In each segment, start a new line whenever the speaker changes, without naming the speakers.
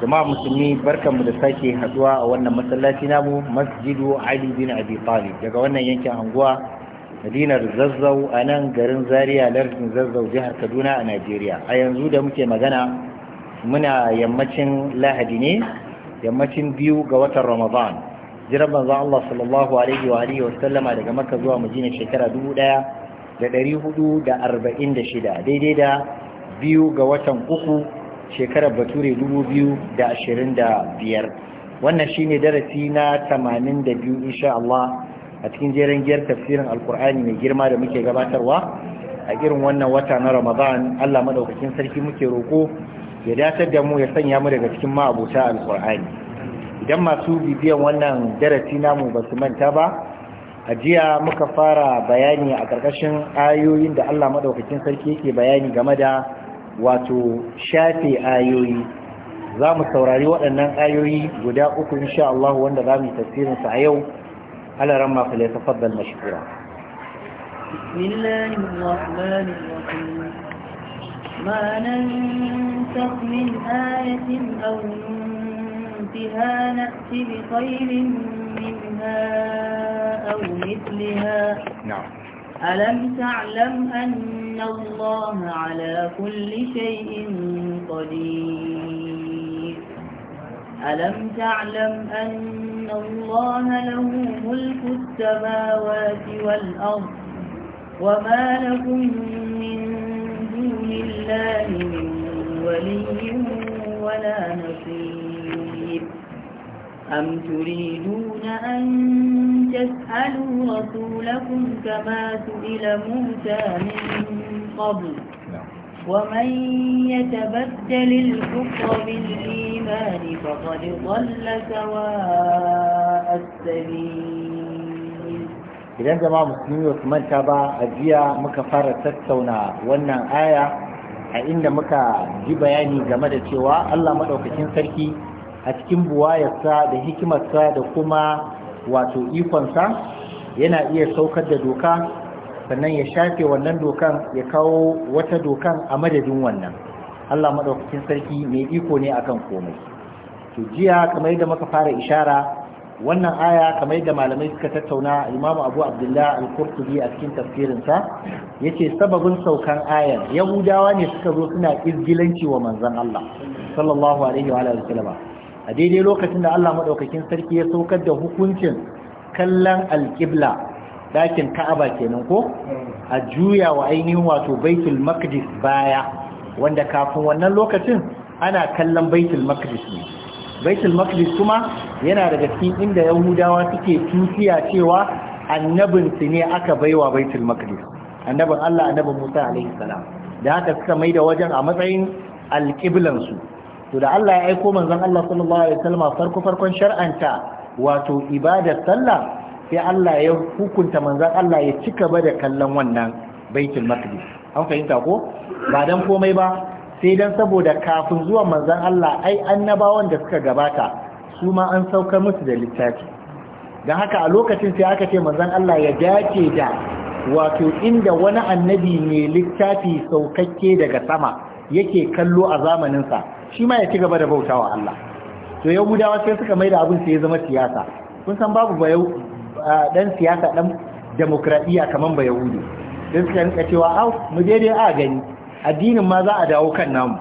jama'a musulmi barkanmu da sake haduwa a wannan masallaci namu masjidu ali bin abi talib daga wannan yankin anguwa madinar zazzau a nan garin zaria lardin zazzau jihar kaduna a najeriya a yanzu da muke magana muna yammacin lahadi ne yammacin biyu ga watan ramadan jiran manzo allah sallallahu alaihi wa alihi wa sallama daga makka zuwa madina shekara dubu daya da ɗari hudu da arba'in da shida daidai da biyu ga watan uku shekarar bature 2025 wannan shine darasi na 82 insha Allah a cikin jeren giyar tafsirin alkur'ani mai girma da muke gabatarwa a irin wannan wata na ramadan Allah madaukakin sarki muke roko ya datar da mu ya sanya mu daga cikin ma'abuta alkur'ani idan masu bibiyan wannan darasi namu ba su manta ba a jiya muka fara bayani a ƙarƙashin ayoyin da Allah madaukakin sarki yake bayani game da wato shafe ayoyi za mu saurari waɗannan ayoyi guda uku insha Allah wanda za mu yi tafsirinsa a yau alaran mafi laifin faddal mashikura
ما ننسخ من آية أو ننتها نأت بخير منها أو مثلها نعم ألم تعلم أن الله على كل شيء قدير ألم تعلم أن الله له ملك السماوات والأرض وما لكم من دون الله من ولي ولا نصير أم تريدون أن تسألوا رسولكم كما سئل موسى من قبل ومن يتبدل الكفر بالإيمان فقد ضل سواء السبيل
إذا جماعة مسلمين وثمان تابع أجيا مكفارة تتونا وانا آية a inda muka ji bayani game da cewa Allah maɗaukakin sarki a cikin buwayarsa da hikimarsa da kuma wato ikonsa yana iya saukar da doka sannan ya shafe wannan dokan ya kawo wata dokan a madadin wannan Allah maɗaukakin sarki mai iko ne akan komai to jiya kamar yadda muka fara ishara wannan aya kamar yadda malamai suka tattauna imamu abu abdullah al-qurtubi a cikin tafsirinsa yace sababin saukan ayar yahudawa ne suka zo suna izgilanci wa manzon Allah sallallahu alaihi wa alihi wasallam a daidai lokacin da Allah maɗaukakin sarki ya saukar da hukuncin kallon alƙibla ɗakin ka'aba kenan ko hmm. a juya wa ainihin wato baitul maqdis baya wanda kafin wannan lokacin ana kallon baitul maqdis ne baitul maqdis kuma yana daga cikin inda yahudawa suke tusiya cewa annabin su ne aka baiwa baitul maqdis annabin Allah annabin Musa alaihi salam da haka suka maida wajen a matsayin alƙiblan su to da Allah ya aiko manzon Allah sallallahu alaihi wasallam farko farkon shar'anta wato ibadar sallah sai Allah ya hukunta manzon Allah ya cika ba da kallon wannan baitul maqdis an fahimta ko ba dan komai ba sai dan saboda kafin zuwa manzon Allah ai annabawan da suka gabata su ma an sauka musu da littafi dan haka a lokacin sai aka ce manzon Allah ya dace da wato inda wani annabi ne littafi saukakke daga sama yake kallo a zamaninsa shi ma ya ci gaba da bauta wa Allah to yahudawa sai suka mai da abin sai ya zama siyasa kun san babu ba dan siyasa dan demokradiya kaman ba yahudi sai suka rinka cewa au mu je dai a gani addinin ma za a dawo kan namu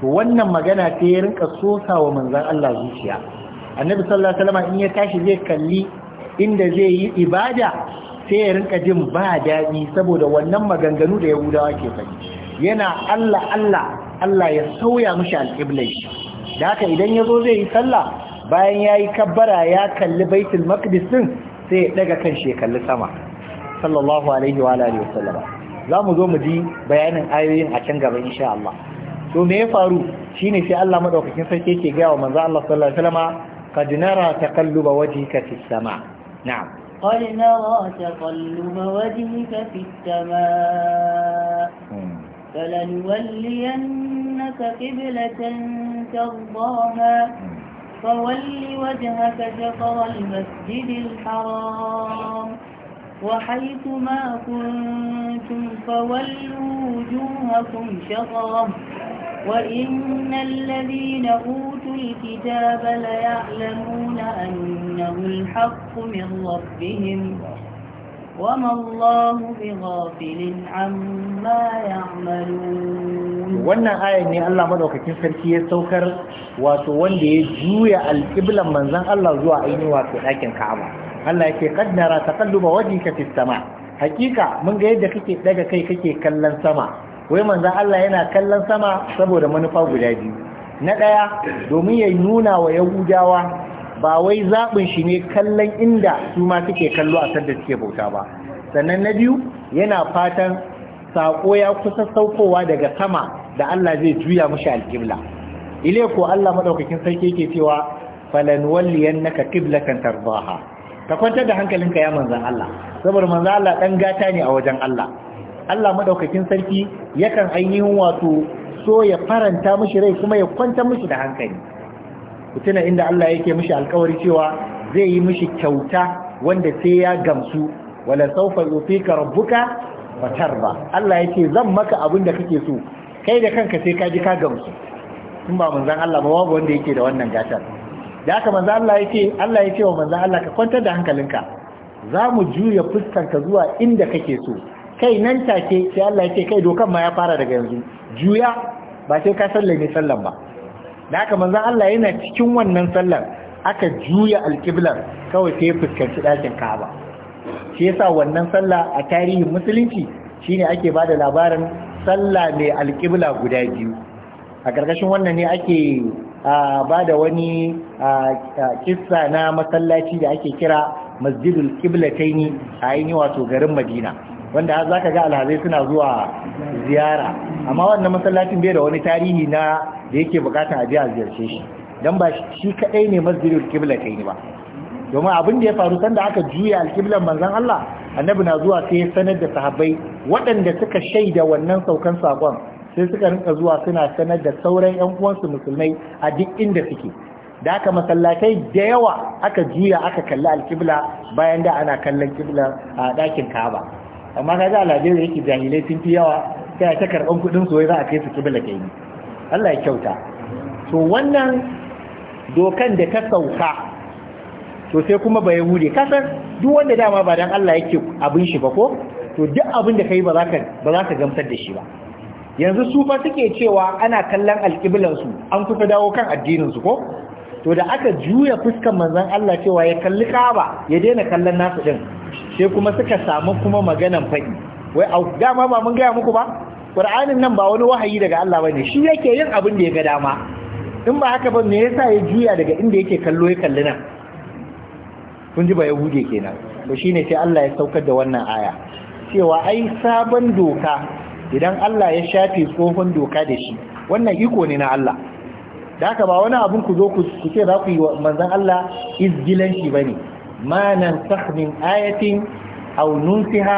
to wannan magana sai ya rinka wa manzon Allah zuciya annabi sallallahu alaihi wasallam in ya tashi zai kalli inda zai yi ibada sai ya rinka jin ba daɗi saboda wannan maganganu da yahudawa ke faɗi yana Allah Allah Allah ya sauya mishi alƙiblai shi da haka idan ya zo zai yi sallah bayan ya yi kabbara ya kalli baitul maqdis din sai ya daga kan shi ya kalli sama sallallahu alaihi wa alihi wasallama za mu zo mu ji bayanin ayoyin a can gaba insha Allah to me ya faru shine sai Allah madaukakin sarki yake ga wa manzo Allah sallallahu alaihi wasallama qad nara taqalluba wajhika fis sama na'am
qad nara taqalluba wajhika fis sama hmm. فلنولينك قبلة ترضاها فول وجهك شطر المسجد الحرام وحيث ما كنتم فولوا وجوهكم شطره وإن الذين أوتوا الكتاب ليعلمون أنه الحق من ربهم وما الله بغافل عما
يعملون
wannan ayar ne Allah
madaukakin sarki ya saukar wato wanda ya juya alƙiblan manzon Allah zuwa ainihin wato ɗakin Ka'aba Allah yake qad nara taqalluba wajhika fis sama hakika mun ga yadda kake daga kai kake kallon sama wai manzon Allah yana kallon sama saboda manufa guda biyu na ɗaya domin ya nuna wa yahudawa ba wai zaɓin shi ne kallon inda su ma suke kallo a sanda suke bauta ba sannan na biyu yana fatan saƙo ya kusa saukowa daga sama da Allah zai juya mashi alƙibla ile ko Allah madaukakin sarki yake cewa falan walliyannaka qiblatan tardaha ka kwanta da hankalinka ya manzan Allah saboda manzan Allah dan gata ne a wajen Allah Allah maɗaukakin sarki yakan ainihin wato so ya faranta mashi rai kuma ya kwanta musu da hankali ku tuna inda Allah yake mishi alkawari cewa zai yi mishi kyauta wanda sai ya gamsu wala saufa yufika rabbuka fatarba Allah yake zan maka abin da kake so kai da kanka sai ka ji ka gamsu Tun ba manzon Allah ba babu wanda yake da wannan gatar da haka manzon Allah yake Allah yake wa manzon Allah ka kwantar da hankalinka za mu juya fuskarka zuwa inda kake so kai nan take sai Allah yake kai dokan ma ya fara daga yanzu juya ba sai ka sallame sallan ba da haka za Allah yana cikin wannan sallar aka juya alƙiblar kawai sai ya fuskanci ɗakin Ka'aba shi yasa wannan sallah a tarihin musulunci shine ake bada labarin sallah mai alƙibla guda biyu a ƙarƙashin wannan ne ake ba da wani kissa na masallaci da ake kira masjidul kiblataini a yi wato garin madina wanda za ka ga alhazai suna zuwa ziyara amma wannan masallacin bai da wani tarihi na da yake bukatar a biya a ziyarce shi dan ba shi kaɗai ne masjidul kibla kai ne ba domin abin da ya faru sanda aka juya alkiblan manzon Allah annabi na zuwa sai ya sanar da sahabbai waɗanda suka shaida wannan saukan sakon sai suka rinka zuwa suna sanar da sauran yan uwansu musulmai a duk inda suke da aka masallatai da yawa aka juya aka kalli alkibla bayan da ana kallon kibla a ɗakin Ka'aba amma kaga a da yake jahilai sun fi yawa sai ta karɓan kuɗin su wai za a kai su kibla kai Allah ya kyauta to wannan dokan da ta sauka to sai kuma bai hude kasar duk wanda dama ba dan Allah yake abin shi ba ko to duk abin da kai ba za ka ba za ka gamsar da shi ba yanzu su fa suke cewa ana kallon alƙiblan su an kusa dawo kan addinin su ko to da aka juya fuskan manzon Allah cewa ya kalli Ka'aba ya daina kallon nasu din sai kuma suka samu kuma maganan faɗi wai dama ba mun gaya muku ba kur'anin nan ba wani wahayi daga Allah bane shi yake yin abin da ya ga dama in ba haka ba me yasa ya juya daga inda yake kallo ya kalli nan kun ji ba buge kenan to shine sai Allah ya saukar da wannan aya cewa ai sabon doka idan Allah ya shafe tsohon doka da shi wannan iko ne na Allah da haka ba wani abin ku zo ku ce za ku yi manzon Allah shi bane ma nan min ayatin aw nunsiha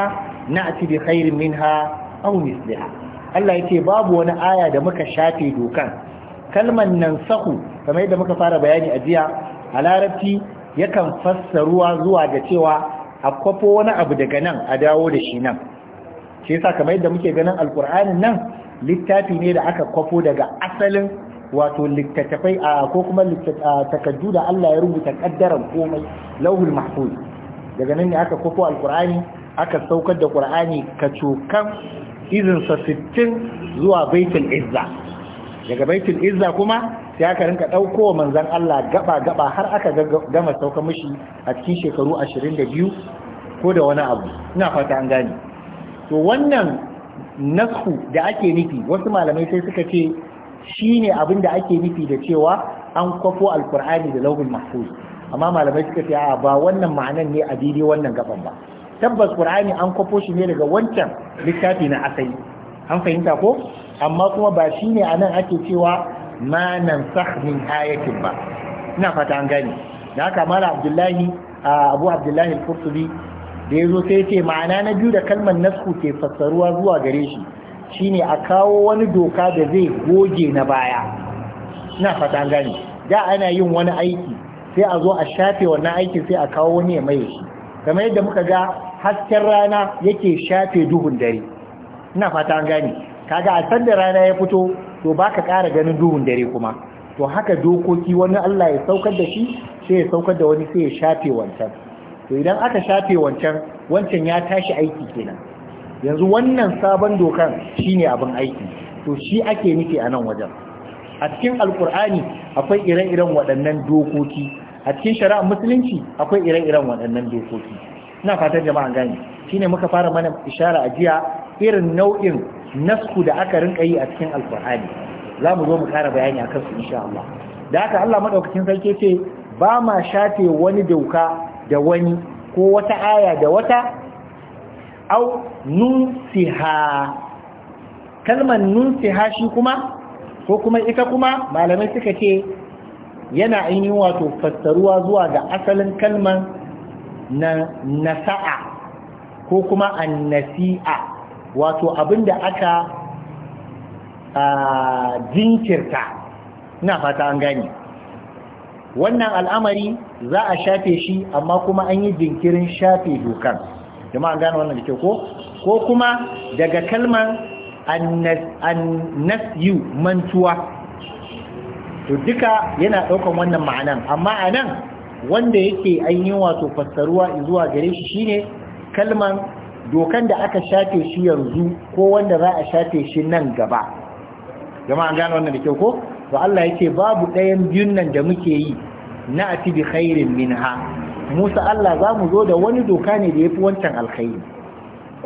na'ti bi khairin minha aw misliha Allah ya ce babu wani aya da muka shafe dokan kalman nan sahu kamar yadda muka fara bayani a jiya a larabci yakan fassaruwa zuwa ga cewa a kwafo wani abu daga nan a dawo da shi nan shi yasa kamar yadda muke ganin alkur'anin nan littafi ne da aka kwafo daga asalin wato littattafai a ko kuma takaddu da Allah ya rubuta kaddaran komai lauhul mahfuz daga nan ne aka kwafo alkur'ani aka saukar da ƙur'ani ka cokan izinsa 60 zuwa baitul izza daga baitul izza kuma sai aka rinka ɗauko manzan Allah gaba-gaba har aka gama saukar mashi a cikin shekaru 22 ko da wani abu ina fata an gane to wannan nasku da ake nufi wasu malamai sai suka ce shi ne abin da ake nufi da cewa an kwafo alkur'ani da lauhul mahfuz amma malamai suka ce a ba wannan ma'anan ne a daidai wannan gaban ba tabbas qur'ani an kwafo shi ne daga wancan littafi na asali an fahimta ko amma kuma ba shi ne nan ake cewa ma nan min ayatin ba ina fata an gani da haka mala abdullahi abu abdullahi al-qurtubi da yazo sai ce ma'ana na biyu da kalmar nasku ke fassaruwa zuwa gare shi shine a kawo wani doka da zai goge na baya ina fata an gani da ana yin wani aiki sai a zo a shafe wannan aikin sai a kawo wani ya mai shi kamar yadda muka ga hasken rana yake shafe duhun dare ina fata an gane kaga a sanda rana ya fito to baka ƙara ganin duhun dare kuma to haka dokoki wani Allah ya saukar da shi sai ya saukar da wani sai ya shafe wancan to idan aka shafe wancan wancan ya tashi aiki kenan yanzu wannan sabon dokan shine abin aiki to shi ake nufi a nan wajen a cikin alkur'ani akwai ire-iren waɗannan dokoki a cikin shari'ar musulunci akwai ire-iren waɗannan dokoki ina fatan jama'a gani shine muka fara mana ishara a jiya irin nau'in nasku da aka rinka yi a cikin alkur'ani za mu zo mu kara bayani akan su insha Allah da haka Allah madaukakin sarki ce ba ma shafe wani doka da wani ko wata aya da wata au nunsiha kalmar nunsiha shi kuma ko kuma ita kuma malamai suka ce yana ainihin wato fassaruwa zuwa ga asalin kalman. na nasa'a ko kuma annasi'a wato da aka jinkirta na fata an gane wannan al'amari za a shafe shi amma kuma an yi jinkirin shafe dokan jama'a gane wannan da ke ko ko kuma daga kalmar annasiyu mantuwa to duka yana ɗaukar wannan ma'anan amma anan. wanda yake yi wato fassaruwa zuwa gare shi shine kalman dokan da aka shafe shi yanzu ko wanda za a shafe shi nan gaba jama'an gano wannan da kyau ko to Allah yake babu ɗayan biyun nan da muke yi na ati bi khairin minha Musa Allah za mu zo da wani doka ne da yafi wancan alkhairi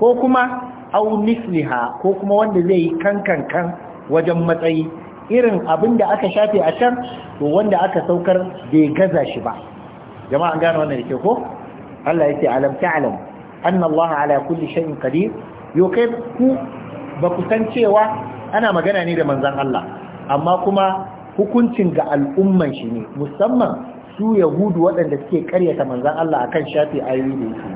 ko kuma aw misliha ko kuma wanda zai yi kankan kan wajen matsayi irin abin da aka shafe a can to wanda aka saukar bai gaza shi ba jama'a gano wannan da ko Allah yake alam ta'lam anna Allah ala kulli shay'in qadir yo kai ku ba ku san cewa ana magana ne da manzon Allah amma kuma hukuncin ga al'umman shi ne musamman su yahudu waɗanda suke karyata manzon Allah akan shafi ayoyi da yake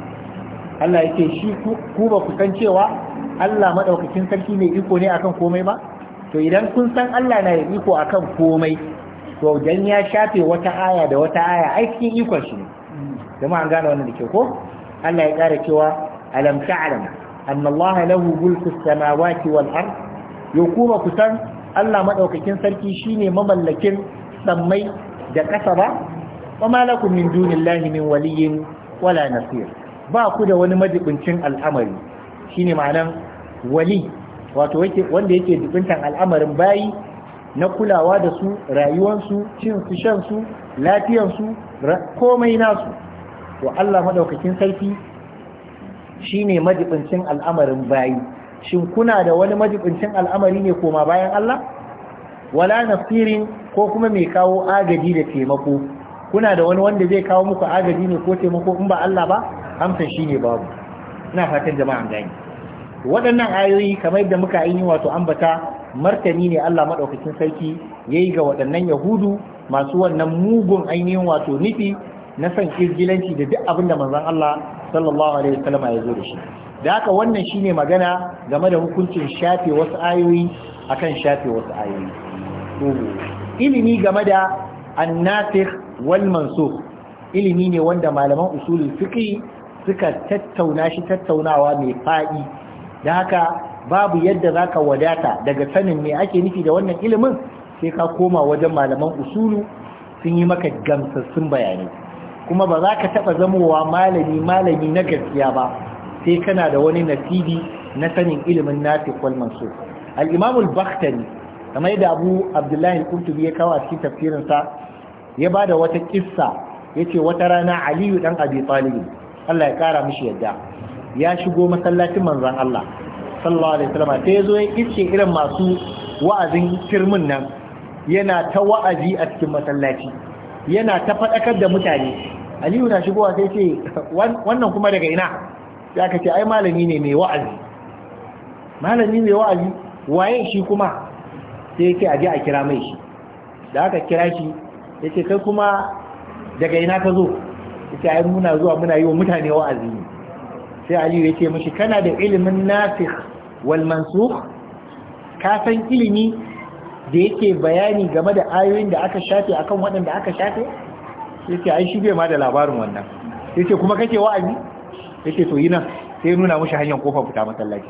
Allah yake shi ku ba ku san cewa Allah madaukakin sarki ne iko ne akan komai ba to idan kun san Allah na iko akan komai to dan ya shafe wata aya da wata aya ai ikon shi ne jama'a an gane wannan da ke ko Allah ya ƙara cewa alam ta'lam anna Allah lahu mulku samawati wal ard kuma kusan Allah madaukakin sarki shine mamallakin sammai da ƙasa ba wa ma min dunillahi min waliyyin wala nasir ba ku da wani majibincin al'amari shine ma'anan wali wato wanda yake jibintan al'amarin bayi na kulawa da su rayuwansu cin su shan su lafiyansu komai nasu to Allah madaukakin sarki shine majibincin al'amarin bayi shin kuna da wani majibincin al'amari ne koma bayan Allah wala nasirin ko kuma mai kawo agaji da taimako kuna da wani wanda zai kawo muku agaji ne ko taimako in ba Allah ba amsan shine babu ina fatan jama'a gani waɗannan ayoyi kamar yadda muka yi wato ambata martani ne Allah maɗaukakin sarki ya yi ga waɗannan yahudu masu wannan mugun ainihin wato nufi na san kirgilanci da duk abin da manzon Allah sallallahu alaihi wasallam ya zo da shi da haka wannan shine magana game da hukuncin shafe wasu ayoyi akan shafe wasu ayoyi ilimi game da annasikh wal mansukh ilimi ne wanda malaman usulul fiqh suka tattauna shi tattaunawa mai faɗi da haka babu yadda za ka wadata daga sanin me ake nufi da wannan ilimin sai ka koma wajen malaman usulu sun yi maka gamsassun bayanai kuma ba za ka taɓa zamowa malami malami na gaskiya ba sai kana da wani nasibi na sanin ilimin nafi wal mansur al-imam kamar yadda abu abdullahi al ya kawo a cikin tafsirin sa ya da wata kissa ce wata rana aliyu dan abi talib Allah ya kara mishi yadda ya shigo masallacin manzon Allah sallallahu alaihi wasallam sai zo ya kice irin masu wa'azin firmin nan yana ta wa'azi a cikin masallaci yana ta faɗakar da mutane aliyu na shigowa sai ce wannan kuma daga ina sai aka ce ai malami ne mai wa'azi malami mai wa'azi waye shi kuma sai yake aje a kira mai shi da aka kira shi yace kai kuma daga ina ka zo yace ai muna zuwa muna yi wa mutane wa'azi ne sai aliyu yace mishi kana da ilimin nasikh wal mansukh ka san ilimi da yake bayani game da ayoyin da aka shafe akan waɗanda aka shafe yake ai shi bai ma da labarin wannan yake kuma kake wa'azi yake to yi nan sai nuna mushi hanyar kofar fita masallaci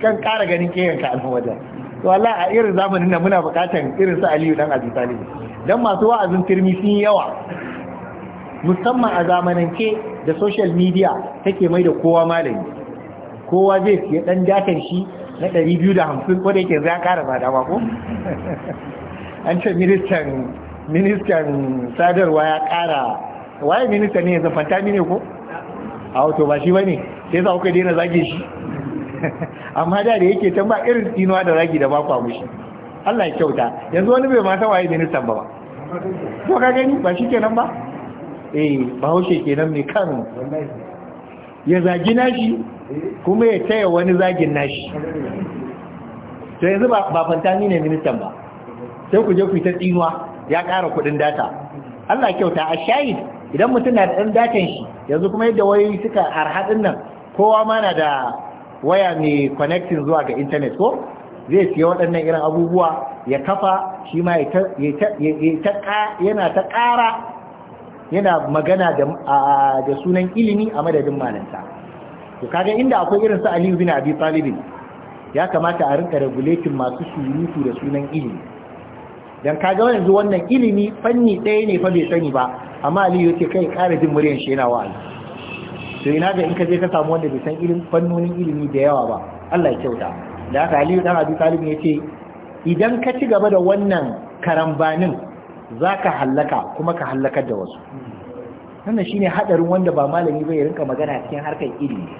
kan ƙara ganin keyan ka alfawaja to Allah a irin zamanin nan muna buƙatar irin su Aliyu dan Abi Talib dan masu wa'azin turmi sun yawa musamman a zamanance da social media take mai da kowa malami kowa zai siya ɗan datar shi na ɗari biyu da hamsin ko da yake za ƙara ba dama ko an ce ministan sadarwa ya ƙara waye minista ne yanzu ta ne ko a wato ba shi ba ne sai za kuka daina zage shi amma da da yake can ba irin tinuwa da zagi da ba kwa mushi Allah ya kyauta yanzu wani bai ma waye ministan ba ba Ko ka gani ba shi kenan ba eh bahaushe kenan ne kan ya zagi nashi kuma ya taya wani zagin nashi to yanzu ba fantani ne ministan ba sai ku je ku ta tsinuwa ya ƙara kuɗin data Allah kyauta a shayid idan mutum na da ɗan datan shi yanzu kuma yadda wayoyi suka harhaɗin nan kowa ma na da waya mai connecting zuwa ga intanet ko zai siya waɗannan irin abubuwa ya kafa shi ma yana ta ƙara yana magana da sunan ilimi a madadin malanta to kaga inda akwai irin su Aliyu bin Abi Talib ya kamata a rinka regulating masu surutu da sunan ilimi dan kaga yanzu wannan ilimi fanni ɗaya ne fa bai sani ba amma Aliyu yace kai ƙara jin muryar shi yana wa'azi to ina ga in ka je ka samu wanda bai san ilimin fannonin ilimi da yawa ba Allah ya kyauta da haka Aliyu dan Abi Talib yace idan ka ci gaba da wannan karambanin za ka hallaka kuma ka hallakar da wasu wannan shine hadarin wanda ba malami bai rinka magana cikin harkar ilimi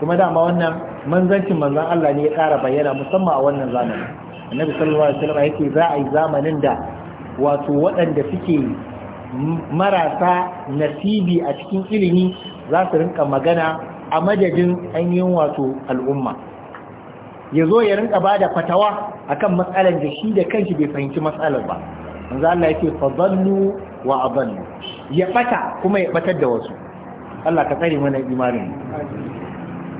kuma dama wannan manzancin manzan Allah ne ya ƙara bayyana musamman a wannan zamani annabi sallallahu alaihi wasallam yake za a yi zamanin da wato waɗanda suke marasa nasibi a cikin ilimi za su rinka magana a madadin ainihin wato al'umma ya zo ya rinka ba da fatawa akan matsalar da shi da kanshi bai fahimci matsalar ba manzo Allah yake fadallu wa adallu ya bata kuma ya batar da wasu Allah ka tsare mana imanin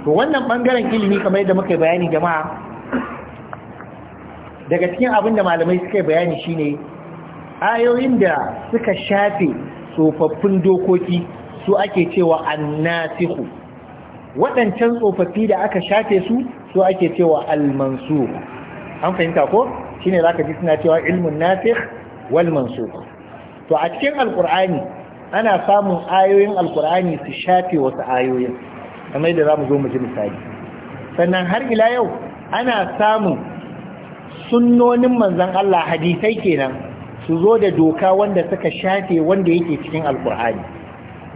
to wannan bangaren ilimi kamar yadda muka bayani jama'a daga cikin abin da malamai suka bayani shine ayoyin da suka shafe tsofaffin dokoki su ake cewa annasihu waɗancan tsofaffi da aka shafe su su ake cewa almansu an fahimta ko shine zaka ji suna cewa ilmun nasikh wal mansukh to a cikin alqur'ani ana samun ayoyin alqur'ani su shafe wasu ayoyin kamar da zamu zo mu ji misali sannan har ila yau ana samun sunnonin manzon Allah hadisai kenan su zo da doka wanda suka shafe wanda yake cikin alqur'ani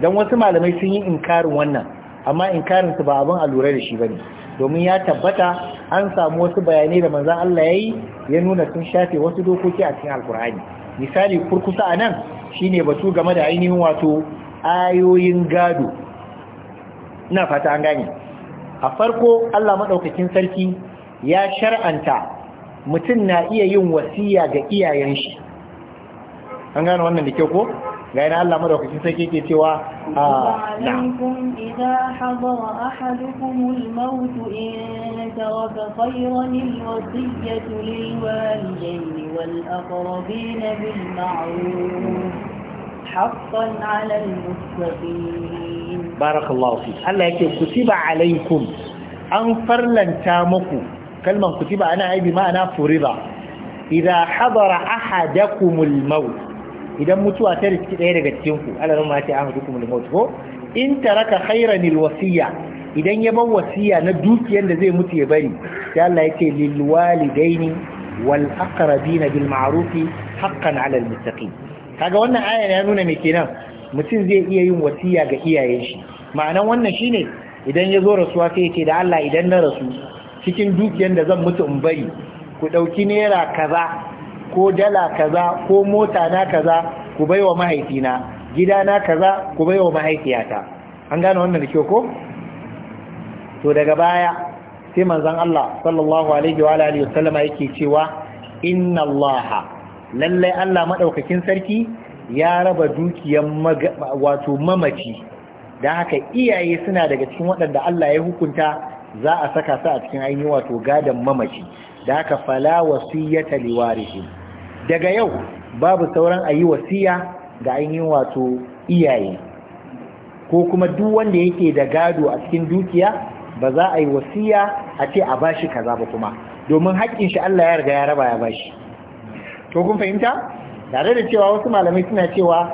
dan wasu malamai sun yi inkarin wannan amma inkarin su ba abin a lura da shi bane domin ya tabbata an samu wasu bayanai da manzon Allah ya yi, ya nuna sun shafe wasu dokoki a cikin alkur'ani misali kurkusa a nan shine batu game da ainihin wato ayoyin gado ina fata an gane a farko Allah maɗaukakin sarki ya shar'anta mutum na iya yin wasiya ga iyayen shi an gane wannan da ke ko ga ina Allah madaukakin sarki ke cewa ah, a na'am
idza hadara ahadukum al-maut in taraka khayran al-wasiyyatu lil walidayni wal aqrabin bil ma'ruf haqqan 'ala al-muttaqin
barakallahu fi Allah yake kutiba alaykum an farlanta muku kalman kutiba ana aibi ma'ana furida idan hadara ahadakum al-maut idan mutuwa ta riski ɗaya daga cikin ku alarin ma ce an hudu kuma limot ko in taraka khairan wasiya idan ya bar wasiya na dukiyar da zai mutu ya bari sai Allah ya ce lil walidaini wal aqrabin bil ma'ruf haqqan 'ala al muttaqin kaga wannan aya ya nuna me kenan mutum zai iya yin wasiya ga iyayen shi ma'anan wannan shine idan ya zo rasuwa sai ya da Allah idan na rasu cikin dukiyar da zan mutu in bari ku dauki naira kaza ko dala kaza ko mota na kaza ku baiwa mahaifina gida na kaza ku baiwa mahaifiyata an gane wannan da ko to daga baya sai manzon Allah sallallahu alaihi wa alihi wasallama yake cewa inna Allah lalle Allah madaukakin sarki ya raba dukiyan wato mamaci da haka iyaye suna daga cikin waɗanda Allah ya hukunta za a saka su a cikin ainihin wato gadon mamaci da haka fala wasiyyata liwarihi daga yau babu sauran a yi wasiya ga ainihin wato iyaye ko kuma duk wanda yake da gado a cikin dukiya ba za a yi wasiya a ce a bashi kaza ba kuma domin haƙƙin shi Allah ya riga ya raba ya bashi to kun fahimta tare da cewa wasu malamai suna cewa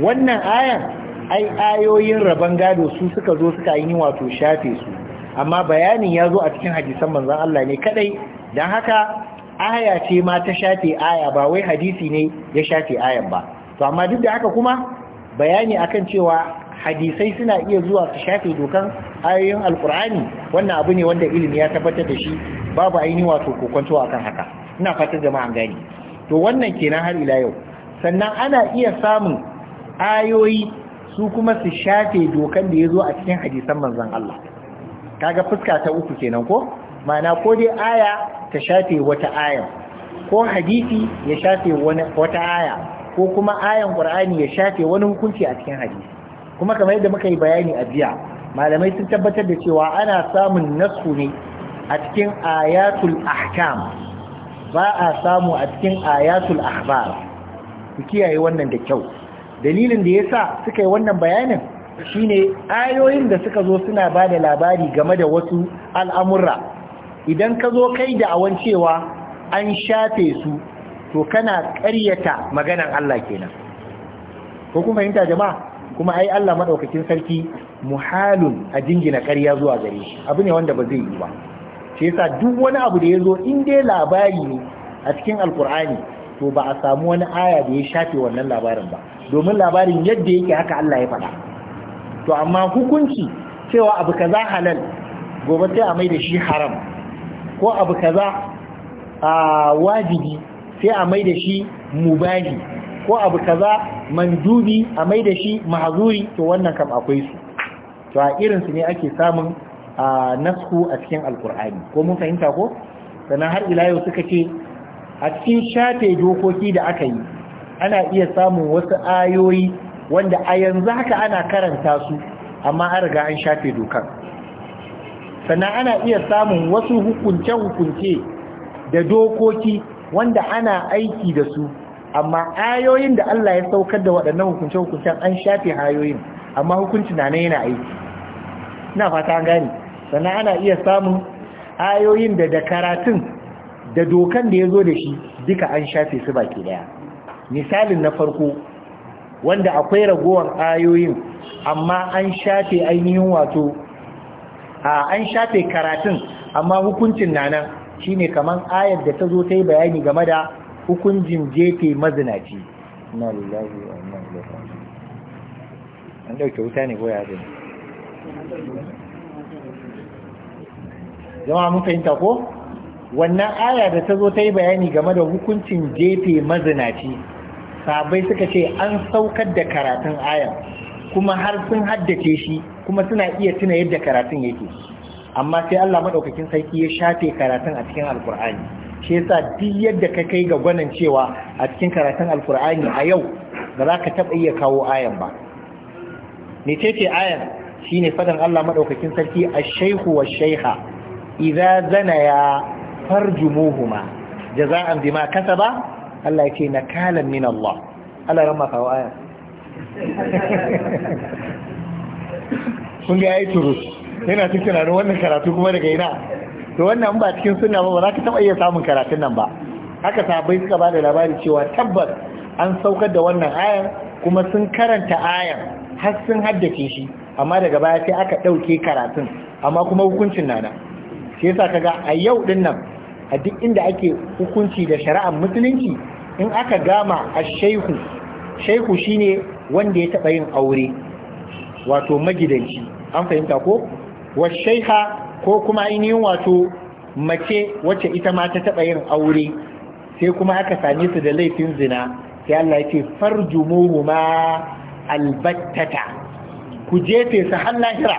wannan ayan ai ayoyin raban gado su suka zo suka yi wato shafe su amma bayanin ya zo a cikin hadisan manzon Allah ne kadai don haka aya ce ma ta shafe aya ba wai hadisi ne ya shafe ayan ba to amma duk da haka kuma bayani akan cewa hadisai suna iya zuwa su shafe dokan ayoyin alkur'ani wannan abu ne wanda ilimi ya tabbatar da shi babu ainihin wato kokonto akan haka ina fatan jama'a gani to wannan kenan har ila yau sannan ana iya samun ayoyi su kuma su shafe dokan da ya zo a cikin hadisan manzon Allah kaga fuska ta uku kenan ko ma'ana ko dai aya ta shafe wata aya ko hadisi ya shafe wata aya ko kuma ayan qur'ani ya shafe wani hukunci a cikin hadisi kuma kamar yadda muka yi bayani a jiya malamai sun tabbatar da cewa ana samun nasu ne a cikin ayatul ahkam ba a samu a cikin ayatul ahbar ku kiyaye wannan da kyau dalilin da yasa suka yi wannan bayanin shine ayoyin da suka zo suna ba da labari game da wasu al'amurra idan ka zo kai da awan cewa an shafe su to kana ƙaryata maganan Allah kenan ko kuma fahimta jama'a kuma ai Allah madaukakin sarki muhalun a jingina karya zuwa gare shi abu ne wanda ba zai yi ba shi yasa duk wani abu da ya zo in dai labari ne a cikin alkur'ani to ba a samu wani aya da ya shafe wannan labarin ba domin labarin yadda yake haka Allah ya faɗa to amma hukunci cewa abu kaza halal gobe sai a mai da shi haram ko abu kaza a wajibi sai a mai da shi mubahi ko abu kaza mandubi a mai da shi mahazuri to wannan kam akwai su to a irinsu ne ake samun a nasku a cikin alkur'ani ko mun fahimta ko sannan har ila yau suka ce a cikin shafe dokoki da aka yi ana iya samun wasu ayoyi wanda a yanzu haka ana karanta su amma an riga an shafe dokar sannan ana iya samun wasu hukunce-hukunce da dokoki wanda ana aiki da su amma ayoyin da Allah ya saukar da waɗannan hukunce-hukuncen an shafe ayoyin amma hukunci na yana aiki na fata gani sannan ana iya samun ayoyin da da karatun da dokan da ya zo da shi duka an shafe su baki daya misalin na farko wanda akwai ragowar ayoyin amma an shafe ainihin wato a an shafe karatun amma hukuncin na nan shine kaman ayar da ta zo ta yi bayani game da hukuncin jefe mazinaci na lullahi wa
inna lullahi
an dauke wuta ne goya zai zama mun fahimta ko wannan aya da ta zo ta yi bayani game da hukuncin jefe mazinaci sabai suka ce an saukar da karatun ayar, kuma har sun haddace shi kuma suna iya tuna yadda karatun yake amma sai Allah madaukakin sarki ya shafe karatun a cikin alkur'ani shi yasa duk yadda ka kai ga gwanin cewa a cikin karatun alkur'ani a yau ba za ka taɓa iya kawo ayan ba ne ce ce ayan shine fadan Allah madaukakin sarki a shaihu wa shaiha, idza zanaya farjumuhuma jaza'an bima kasaba Allah yake nakalan min Allah Allah ran a kawo ayan kun ga yayi turus yana cikin tunanin wannan karatu kuma daga ina to wannan ba cikin sunna ba ba za ka taba iya samun karatun nan ba haka bai suka ba da labari cewa tabbas an saukar da wannan ayan kuma sun karanta ayan har sun haddace shi amma daga baya sai aka ɗauke karatun amma kuma hukuncin nana shi yasa kaga a yau din nan a duk inda ake hukunci da shari'ar musulunci in aka gama a shaihu shaihu shine wanda ya taɓa yin aure wato magidanci an fahimta ko washaiha ko kuma ainihin wato mace wacce ita ma ta taɓa yin aure sai kuma aka same su da laifin zina sai Allah ya ce farjumuhu ma albattata ku jefe su har lahira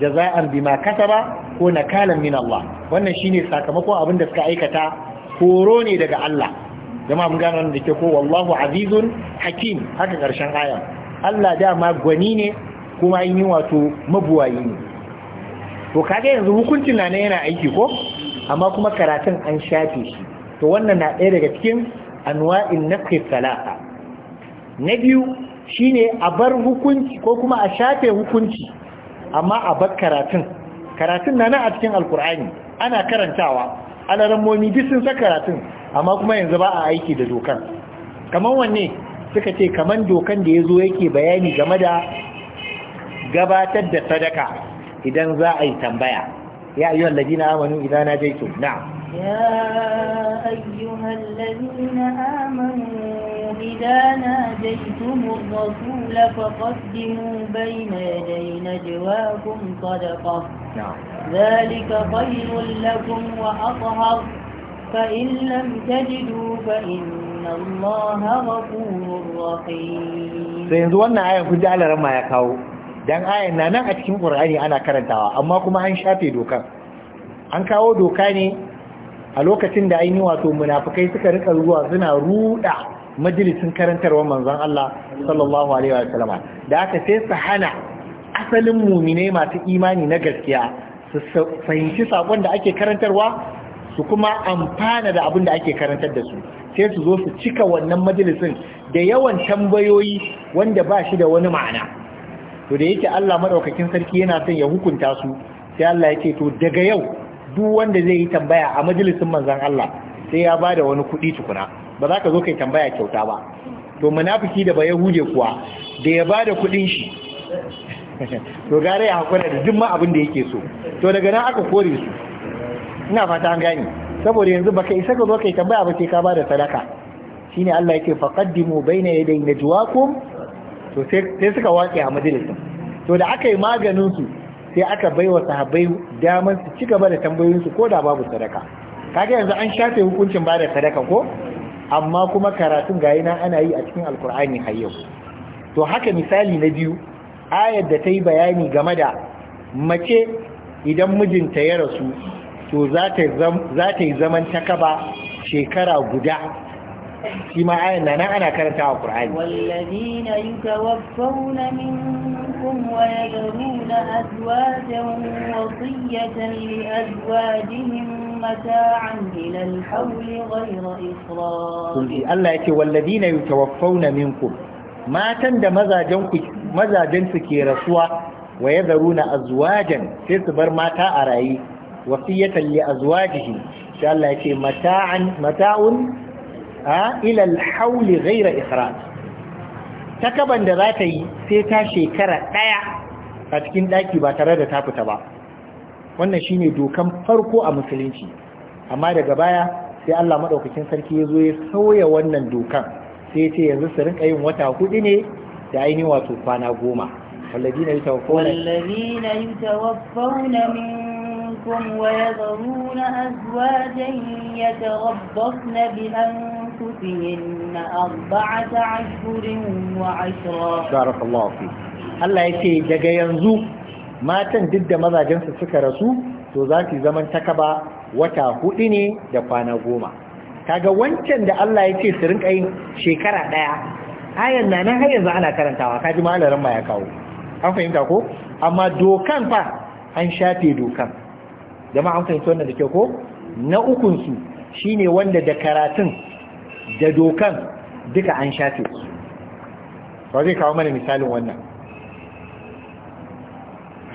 jaza'an bima kasaba ko nakalan min Allah wannan shine sakamakon abin da suka aikata horo ne daga Allah jama'a mun gano da ke ko wallahu azizun hakim haka karshen aya. Allah dama gwani ne kuma an yi wato mabuwayi ne to kage yanzu hukuncin na yana aiki ko amma kuma karatun an shafe shi to wannan na ɗaya daga cikin anwa'in nafi salaha na biyu shine a bar hukunci ko kuma a shafe hukunci amma a bar karatun karatun nan a cikin alkur'ani ana karantawa alarammomi duk sun sa karatun amma kuma yanzu ba a aiki da dokan. kamar wanne suka ce kaman dokan da ya zo yake bayani game da gabatar da sadaka idan za a yi tambaya ya yi wallabi na amonin gida na jaito na
ya ayyu na amonin gida na jaito mordosu lafakos dimu bai na yadai na jiwakun sadaka zalika kwayin lullakun wa akwahar fa'in lam tajidu fa'in sai
yanzu wannan ayan kun ji alaran ma ya kawo don ayan na nan a cikin qur'ani ana karantawa amma kuma an shafe dokan an kawo doka ne a lokacin da ainihin wato munafukai suka rika zuwa suna ruda majalisun karantarwar manzon Allah sallallahu alaihi wa da aka sai su hana asalin mumine masu imani na gaskiya su fahimci sakon da ake karantarwa su kuma amfana da abin da ake karantar da su sai su zo su cika wannan majalisin da yawan tambayoyi wanda ba shi da wani ma'ana to da yake Allah madaukakin sarki yana son ya hukunta su sai Allah ya ce to daga yau duk wanda zai yi tambaya a majalisin manzon Allah sai ya bada wani kuɗi tukuna ba za ka zo kai tambaya kyauta ba to munafiki da ba yahuje kuwa da ya bada kuɗin shi to gare ya hakura da duk ma abin da yake so to daga nan aka kore su ina fata an gani saboda yanzu baka isa ka zo kai tambaya ba sai ka bada sadaka shine Allah yake qaddimu bayna yaday najwaakum to sai suka wace a majalisin to da aka yi maganin su sai aka baiwa sahabbai daman su ci gaba da tambayoyin su ko da babu sadaka kaga yanzu an shafe hukuncin bada sadaka ko amma kuma karatun gayi na ana yi a cikin alkur'ani har yau to haka misali na biyu ayar da ta yi bayani game da mace idan mijinta ya rasu to za ta yi zaman takaba shekara guda shi ma na nan ana karanta a Qur'ani wallazina
yutawaffawna minkum wa yadruna azwajan wasiyatan li azwajihim mata'an ila al-hawl ghayra israf kun Allah yake
wallazina yutawaffawna minkum matan da mazajen ku mazajen su ke rasuwa wa yadruna azwajan sai su bar mata a rayi wasiyatan li azwajihi sai Allah ya ce mata'an mata'un a ila al-hawl ghayra ikhraj takaban da za ta yi sai ta shekara daya a cikin daki ba tare da ta fita ba wannan shine dokan farko a musulunci amma daga baya sai Allah madaukakin sarki ya zo ya sauya wannan dokan sai ya ce yanzu su rinka yin wata hudu ne da ainihin wato kwana goma والذين يتوفون
والذين يتوفون من منكم ويذرون أزواجا يتربصن بأنفسهن أربعة عشر
وعشرا
بارك الله فيك Allah ya ce daga yanzu matan duk da mazajensu suka rasu to za zaman takaba wata hudu ne da kwana goma kaga wancan da Allah ya ce su rinka yin shekara daya ayan nan har yanzu ana karantawa kaji malaran ma ya kawo an fahimta ko amma dokan fa an shafe dokan jama'a an fahimci wannan da ke ko na ukunsu shine wanda da karatun da dokan duka an shafe su ba zai kawo mana misalin wannan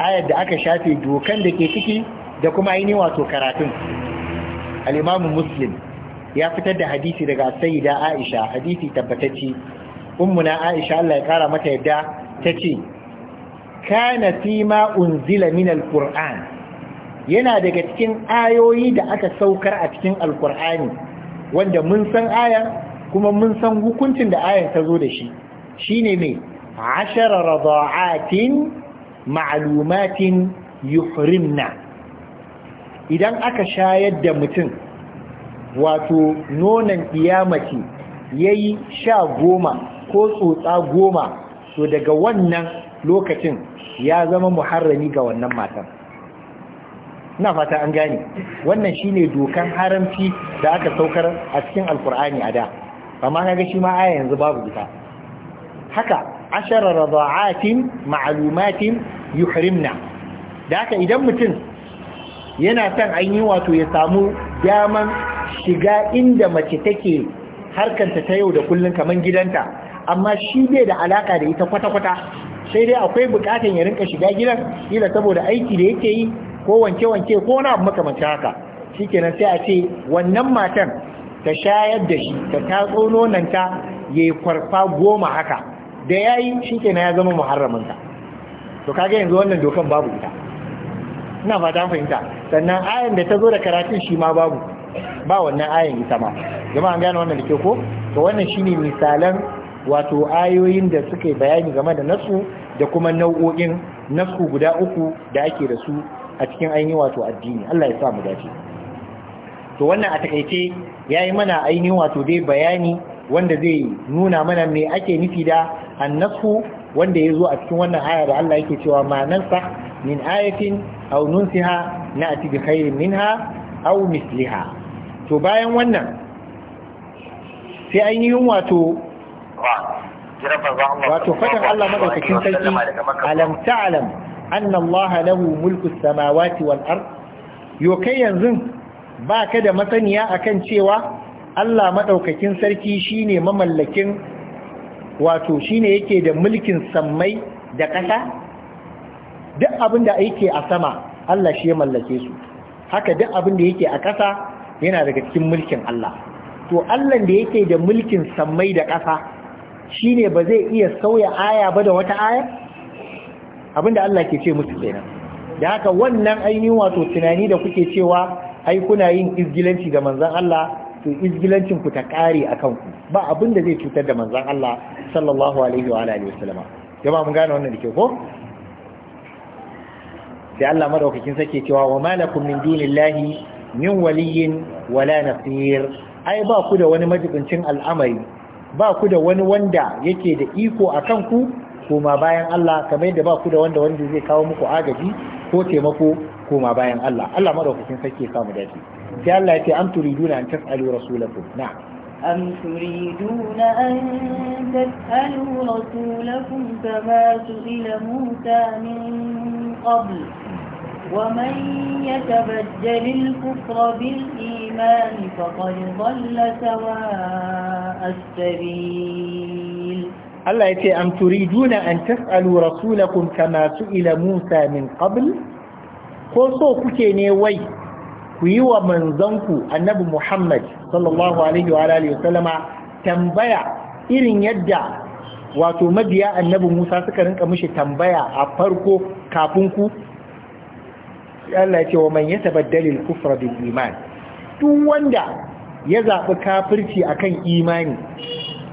ayar da aka shafe dokan da ke ciki da kuma ainihin wato karatun al muslim ya fitar da hadisi daga Sa'ida aisha hadisi tabbatacci. ummuna aisha Allah ya kara mata yadda tace kana fi ma unzila min al-qur'an yana daga cikin ayoyi da aka saukar a cikin alkur'ani wanda mun san aya kuma mun san hukuncin da ayan ta zo da shi shi ne mai ashara rada'atin ma'alumatin yuhrimna idan aka shayar da mutum wato nonon ya yi sha goma ko tsotsa goma to daga wannan lokacin ya zama muharrami ga wannan matan ina fata an gane wannan shine dokan haramci da aka saukar a cikin alkur'ani a da amma kaga shi ma aya yanzu babu ita haka ashara rada'atin ma'lumatin yuhrimna da haka idan mutum yana son an yi wato ya samu daman shiga inda mace take harkanta ta yau da kullun kaman gidanta amma shi bai da alaka da ita kwata-kwata sai dai akwai bukatan ya rinka shiga gidan kila saboda aiki da yake yi ko wanke-wanke ko na abu makamanci haka shikenan sai a ce wannan matan ta shayar da shi ta tatso nonanta ya yi kwarfa goma haka da ya yi shikenan ya zama muharraminta to kaga yanzu wannan dokan babu ita ina fata fahimta sannan ayan da ta zo da karatun shi ma babu ba wannan ayan ita ma jama'a an gane wannan da ke ko to wannan shine misalan wato ayoyin da suke bayani game da nasu da kuma nau'o'in nasu guda uku da ake da su a cikin ainihin wato addini Allah ya sa mu dace to wannan a takaice yayi mana ainihin wato dai bayani wanda zai nuna mana me ake nufi da annasu wanda ya zo a cikin wannan aya da Allah yake cewa ma nansa min ayatin aw nunsiha na'ti bi khairin minha aw misliha to bayan wannan sai ainihin wato
wato fatan Allah madaukakin sarki
alam ta'lam anna Allah lahu mulku samawati wal ard yo kai yanzu baka da masaniya akan cewa Allah madaukakin sarki shine mamallakin wato shine yake da mulkin sammai da ƙasa duk abin da yake a sama Allah shi ya mallake su haka duk abin da yake a ƙasa yana daga cikin mulkin Allah to Allah da yake da mulkin sammai da ƙasa shine ba zai iya sauya aya ba da wata aya abinda Allah ke ce musu kenan da haka wannan ainihin wato tunani da kuke cewa ai kuna yin izgilanci ga manzon Allah to izgilancin ku ta kare akan ku ba abin da zai cutar da manzon Allah sallallahu alaihi wa alihi wasallama jama'a mun gane wannan dake ko sai Allah madaukakin sake cewa wa malakum min dinillahi min waliyyin wala nasir ai ba ku da wani majibincin al'amari ba ku da wani wanda yake da iko akan ku koma bayan Allah kamar yadda ba ku da wanda wanda zai kawo muku agaji ko taimako koma bayan Allah Allah madaukakin sarki ya samu dace sai Allah ya ce am turiduna an tas'alu rasulakum na'am
am turiduna an tas'alu rasulakum kama su'ila Musa min qabl ومن يتبدل الكفر بالإيمان فقد ضل سواء السبيل
Allah ya ce am turiduna an tas'alu rasulakum kama su'ila Musa min qabl ko so kuke ne wai ku yi wa manzanku annabi Muhammad sallallahu alaihi wa alihi wasallama tambaya irin yadda wato mabiya annabi Musa suka rinka mishi tambaya a farko kafin ku Allah ya ce wa man yatabaddalil kufra bil iman duk wanda ya zaɓi kafirci akan imani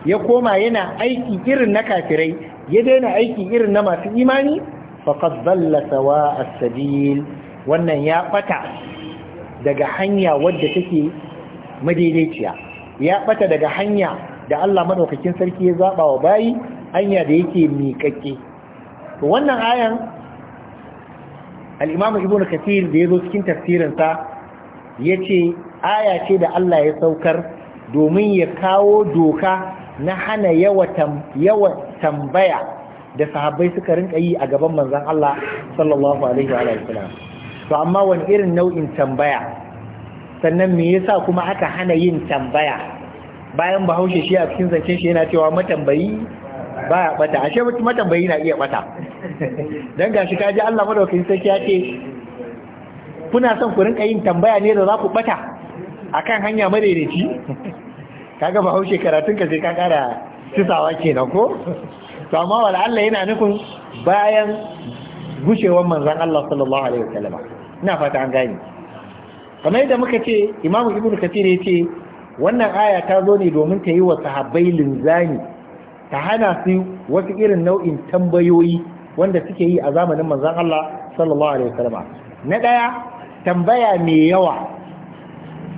ya koma yana aiki irin na kafirai ya daina aiki irin na masu imani faqad dalla sawa as wannan ya bata daga hanya wadda take madaidaiciya ya ɓata daga hanya da Allah maɗaukakin sarki ya zaɓa wa bayi hanya da yake miƙaƙe to wannan ayan Alimamu imam Ibn da da zo cikin tafsirinsa ce aya ce da Allah ya saukar domin ya kawo doka na hana yawan tambaya da sahabbai suka rinka yi a gaban manzan Allah sallallahu alaihi wa to amma wani irin nau'in tambaya sannan me yasa kuma aka hana yin tambaya bayan bahaushe shi a cikin zancen shi yana cewa matambayi ba ya bata ashe matambayi na iya bata dan gashi kaji Allah madaukakin sarki ya ce kuna son ku rinka yin tambaya ne da za ku bata kan hanya madaidaici kaga ba haushe karatun ka sai ka kara tisawa kenan ko to amma wala Allah yana nufin bayan gushewar manzon Allah sallallahu alaihi wasallam ina fata an gane kamar yadda muka ce imamu ibnu ya ce, wannan aya ta zo ne domin ta yi wa sahabbai linzani, ta hana su wasu irin nau'in tambayoyi wanda suke yi a zamanin manzon Allah sallallahu alaihi wasallam na ɗaya tambaya mai yawa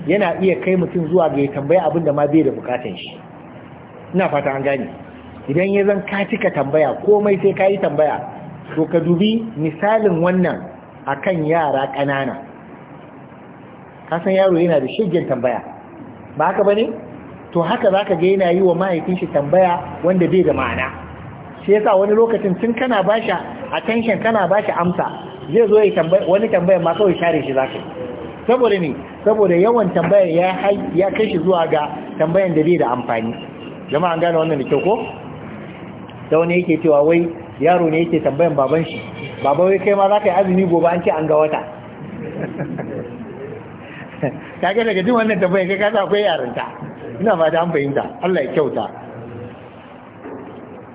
yana iya kai mutum zuwa ga ya tambaya abin da ma bai da bukatan shi ina fata an gane idan ya zan ka cika tambaya komai sai ka yi tambaya to ka dubi misalin wannan akan yara ƙanana ka san yaro yana da shigen tambaya ba haka bane to haka zaka ga yana yi wa mahaifin shi tambaya wanda bai da ma'ana shi yasa wani lokacin tun kana bashi attention kana bashi amsa zai zo ya tambaya wani tambayar ma kawai share shi zaka yi saboda ne saboda yawan tambayar ya hai ya kashi zuwa ga tambayan da bai da amfani jama'a an gane wannan da kyau ko da wani yake cewa wai yaro ne yake tambayan baban shi baba wai kai ma za ka yi azumi gobe an ce an ga wata ga daga jin wannan tambayar kai kasa akwai yarinta ina ba ta an fahimta Allah ya kyauta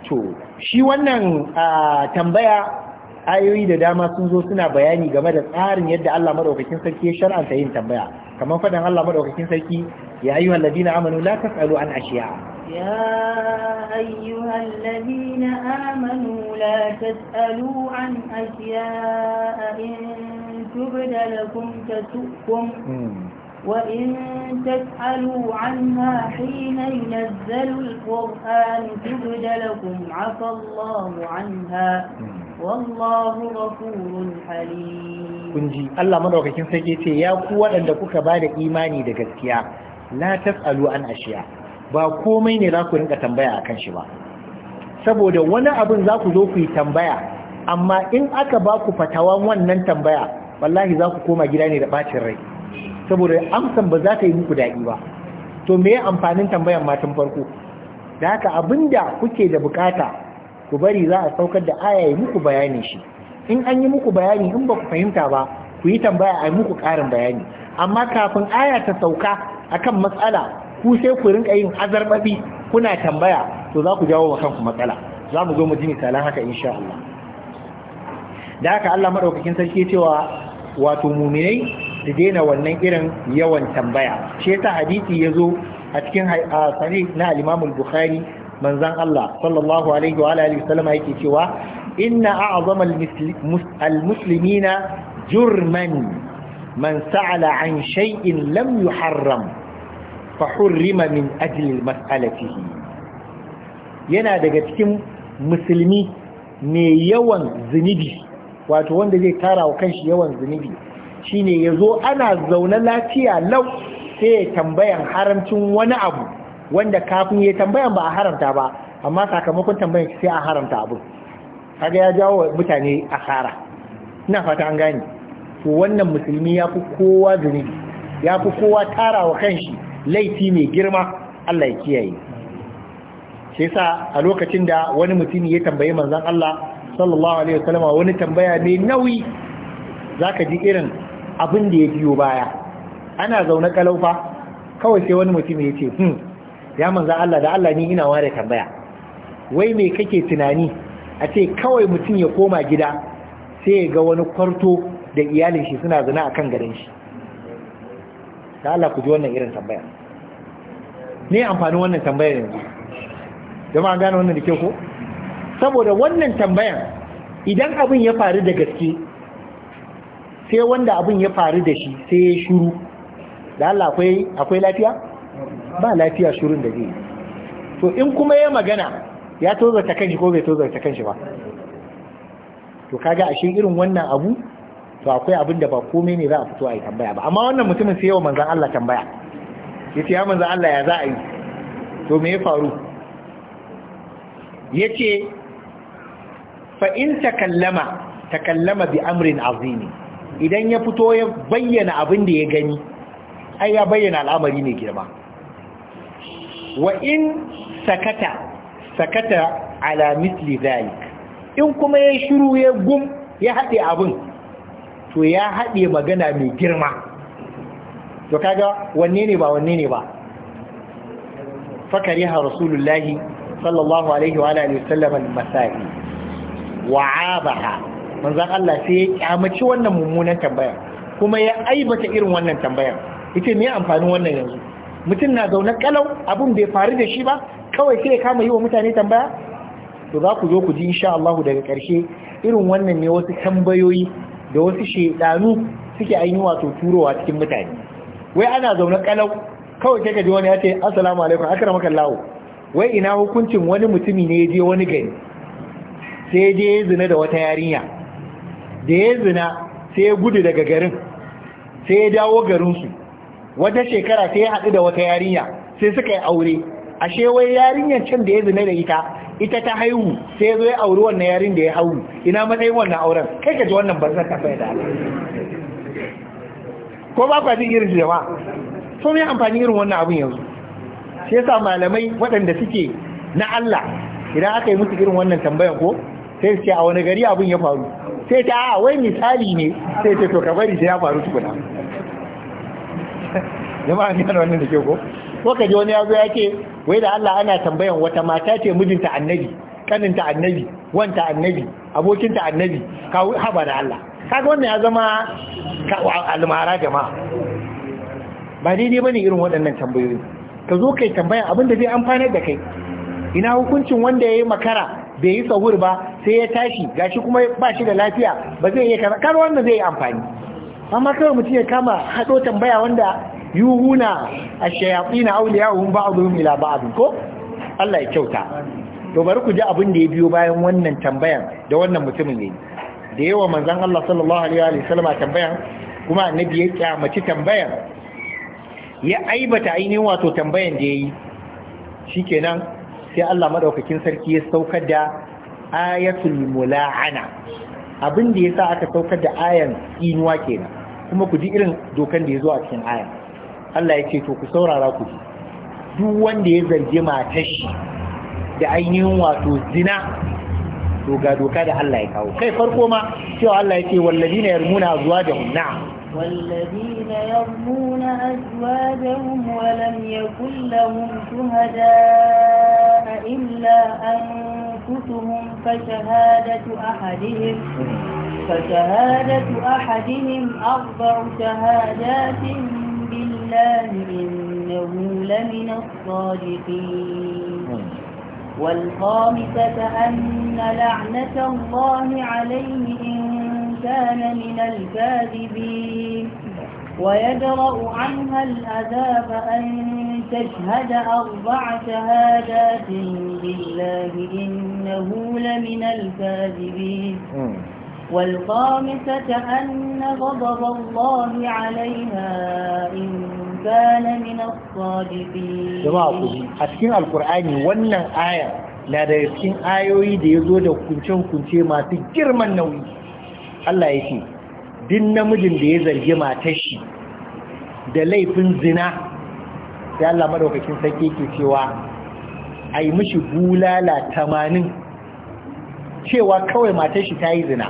to shi wannan ah, tambaya ayoyi da dama sun zo suna bayani game da tsarin yadda Allah madaukakin sarki ya shar'anta yin tambaya kamar fadan Allah madaukakin sarki ya ayyuhal ladina amanu la tasalu an ashiya
ya ayyuhal ladina amanu la tasalu an ashiya in tubda lakum tasukum وإن تسألوا عنها حين ينزل القرآن تبد لكم عفى الله عنها wallahu ghafurun halim
Allah madaukakin sarki ce ya ku waɗanda kuka ba da imani da gaskiya la tasalu an ashiya ba komai ne za ku rinka tambaya akan shi ba saboda wani abin za ku zo ku yi tambaya amma in aka ba ku fatawan wannan tambaya wallahi za ku koma gida ne da bacin rai saboda amsan ba za ta yi muku daɗi ba to me amfanin tambayan matan farko da haka abinda kuke da bukata ku bari za a saukar da aya yi muku bayani shi in an yi muku bayani in ba ku fahimta ba ku yi tambaya a yi muku ƙarin bayani amma kafin aya ta sauka kan matsala ku sai ku rinka yin azarbabi kuna tambaya to za ku jawo wa kanku matsala za mu zo mu ji misalan haka insha Allah da haka Allah madaukakin sarki cewa wato muminai da daina wannan irin yawan tambaya shi yasa hadisi ya zo a cikin sahih na al-Imam al-Bukhari manzan Allah sallallahu alaihi wa alihi wasallam yake cewa inna a'zama al-muslimina jurman man sa'ala an shay'in lam yuharram fa hurrima min ajli mas'alatihi yana daga cikin musulmi mai yawan zunubi wato wanda zai tara wa kanshi yawan zunubi shine yazo ana zaune lafiya lau sai tambayan haramcin wani abu wanda kafin ya tambayan ba a haramta ba amma sakamakon tambayan sai a haramta abu kaga ya jawo mutane a asara ina fata an gane to wannan musulmi ya fi kowa zunubi ya fi kowa tara wa kanshi laifi mai girma Allah ya kiyaye shi yasa a lokacin da wani mutum ya tambayi manzon Allah sallallahu alaihi wasallam wani tambaya mai nauyi zaka ji irin abin da ya biyo baya ana zaune kalaufa kawai sai wani mutum ya ce hmm ya manza Allah da Allah ni ina ware tambaya wai me kake tunani a ce kawai mutum ya koma gida sai ya ga wani kwarto da iyalin shi suna zina akan garin shi da Allah ku ji wannan irin tambaya ne amfani wannan tambayar yanzu an gane wannan da ke ko saboda wannan tambayan idan abin ya faru da gaske sai wanda abin ya faru da shi sai ya shuru da Allah akwai lafiya ba lafiya shirin da zai to in kuma ya magana ya tozarta kanshi ko bai tozarta kanshi ba to kaga ashe irin wannan abu to akwai abin da ba komai ne za a fito a yi tambaya ba amma wannan mutumin sai yawa manzan Allah tambaya ya ce ya manzan Allah ya za a yi to me ya faru ya ce fa'in takallama takallama bi amrin azimi idan ya fito ya bayyana abin da ya gani ai ya bayyana al'amari ne girma wa in sakata sakata ala misli zalik in kuma ya shiru ya gum ya haɗe abun, to ya haɗe magana mai girma to kaga wanne ne ba wanne ne ba fakariha rasulullahi sallallahu alaihi wa alihi wasallam al-masafi wa'abaha manzon Allah sai ya kyamaci wannan mummunan tambaya kuma ya aibata irin wannan tambayar yace me amfanin wannan yanzu mutum na zaune kalau abin bai faru da shi ba kawai sai kama yi wa mutane tambaya to za ku zo ku ji insha Allah daga ƙarshe irin wannan ne wasu tambayoyi da wasu shedanu suke yi wato turowa cikin mutane wai ana zaune kalau kawai sai ka ji wani ya ce assalamu alaikum akramaka Allah wai ina hukuncin wani mutumi ne ya je wani gari sai je ya zina da wata yarinya da ya zina sai ya gudu daga garin sai ya dawo su. wata shekara sai ya haɗu da wata yarinya sai suka yi aure ashe wai yarinyar can da ya zina da ita ita ta haihu sai ya zo ya auri wannan yarin da ya haihu ina matsayin wannan auren kai ka ji wannan barzan ka fayyada ko ba ka jin irin jama'a so mai amfani irin wannan abin yanzu sai yasa malamai waɗanda suke na Allah idan aka yi musu irin wannan tambayan ko sai su ce a wani gari abin ya faru sai ta a wai misali ne sai ta to ka bari sai ya faru tukuna jama'a ne wannan da ke ko ko kaje wani yazo ya ce wai da Allah ana tambayan wata mata ce mijinta annabi kaninta annabi wanta annabi abokinta annabi ka haba da Allah kaga wannan ya zama almara jama'a ba daidai bane irin waɗannan tambayoyi ka zo kai tambaya abin da zai amfanar da kai ina hukuncin wanda ya yi makara bai yi tsawur ba sai ya tashi gashi kuma ba shi da lafiya ba zai iya kar wanda zai yi amfani amma kawai mutum ya kama haɗo tambaya wanda yuhuna ash-shayatin awliya'uhum ba'dhum ila ba'd ko Allah ya kyauta to bari ku ji abin da ya biyo bayan wannan tambayan da wannan mutumin ne da yawa manzon Allah sallallahu alaihi wa sallam tambayan kuma annabi ya kyamaci tambayan ya aibata ainihin wato tambayan da yayi shikenan sai Allah madaukakin sarki ya saukar da ayatul mula'ana abin da yasa aka saukar da ayan inuwa kenan kuma ku ji irin dokan da ya zo a cikin ayan Allah ya ce to ku saurara ku duk wanda ya zarge matar shi da ainihin wato zina to ga doka da Allah ya kawo kai farko ma cewa Allah ya ce wallazina yarmuna azwajahum na'am
والذين يرمون أزواجهم ولم يكن لهم شهداء إلا أنفسهم فشهادة أحدهم
فشهادة
أحدهم أربع شهادات بالله إنه لمن الصادقين والخامسة أن لعنة الله عليه إن كان من الكاذبين ويدرأ عنها العذاب أن تشهد أربع شهادات بالله إنه لمن الكاذبين والخامسة أن غضب الله عليها إن kana min as-sadiqin
jama'a ku a cikin alqur'ani wannan aya na da cikin ayoyi da ya zo da kunce kunce masu girman nauyi Allah ya ce din namijin da ya zargi matar shi da laifin zina sai Allah madaukakin sarki ke cewa ai mishi bulala tamanin cewa kawai matar shi ta yi zina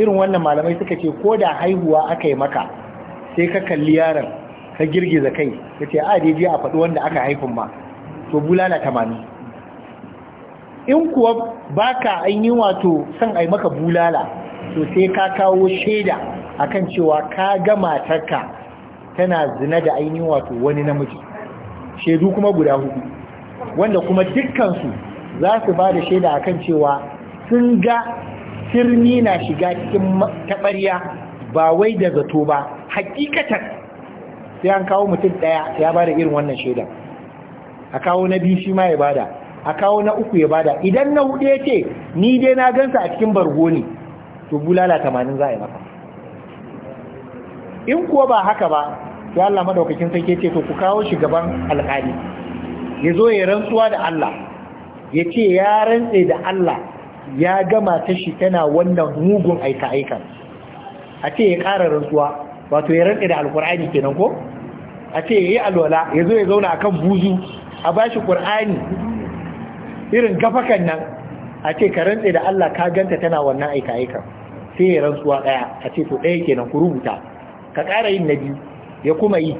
irin wannan malamai suka ce ko da haihuwa aka yi maka sai ka kalli yaron ta girgiza kai ta ce a ah, daidai a faɗi wanda aka haifin ma to bulala tamani in kuwa baka an yi wato son ai maka bulala to sai ka kawo shaida akan cewa ka ga matarka tana zina da ainihin wato wani namiji shaidu kuma guda hudu wanda kuma dukkansu za su ba da shaida akan cewa sun ga sirni na shiga cikin taɓarya ba wai da zato ba hakikatar sai an kawo mutum ɗaya ya bada irin wannan shaida a kawo na biyu shi ma ya bada a kawo na uku ya bada idan na hudu ya ce ni dai na gansa a cikin bargo ne to bulala tamanin za a yi maka in kuwa ba haka ba sai Allah madaukakin sarki ce to ku kawo shi gaban alƙali ya zo ya rantsuwa da Allah ya ce ya rantse da Allah ya gama ta shi tana wannan mugun aika-aikan a ce ya ƙara rantsuwa wato ya rantse da alkur'ani kenan ko a ce yayi alwala ya zo ya zauna akan buzu a bashi qur'ani irin gafakan nan a ce ka rantse da Allah ka ganta tana wannan aika aika sai ya rantsuwa daya a ce to daya kenan ku rubuta ka ƙara yin na biyu ya kuma yi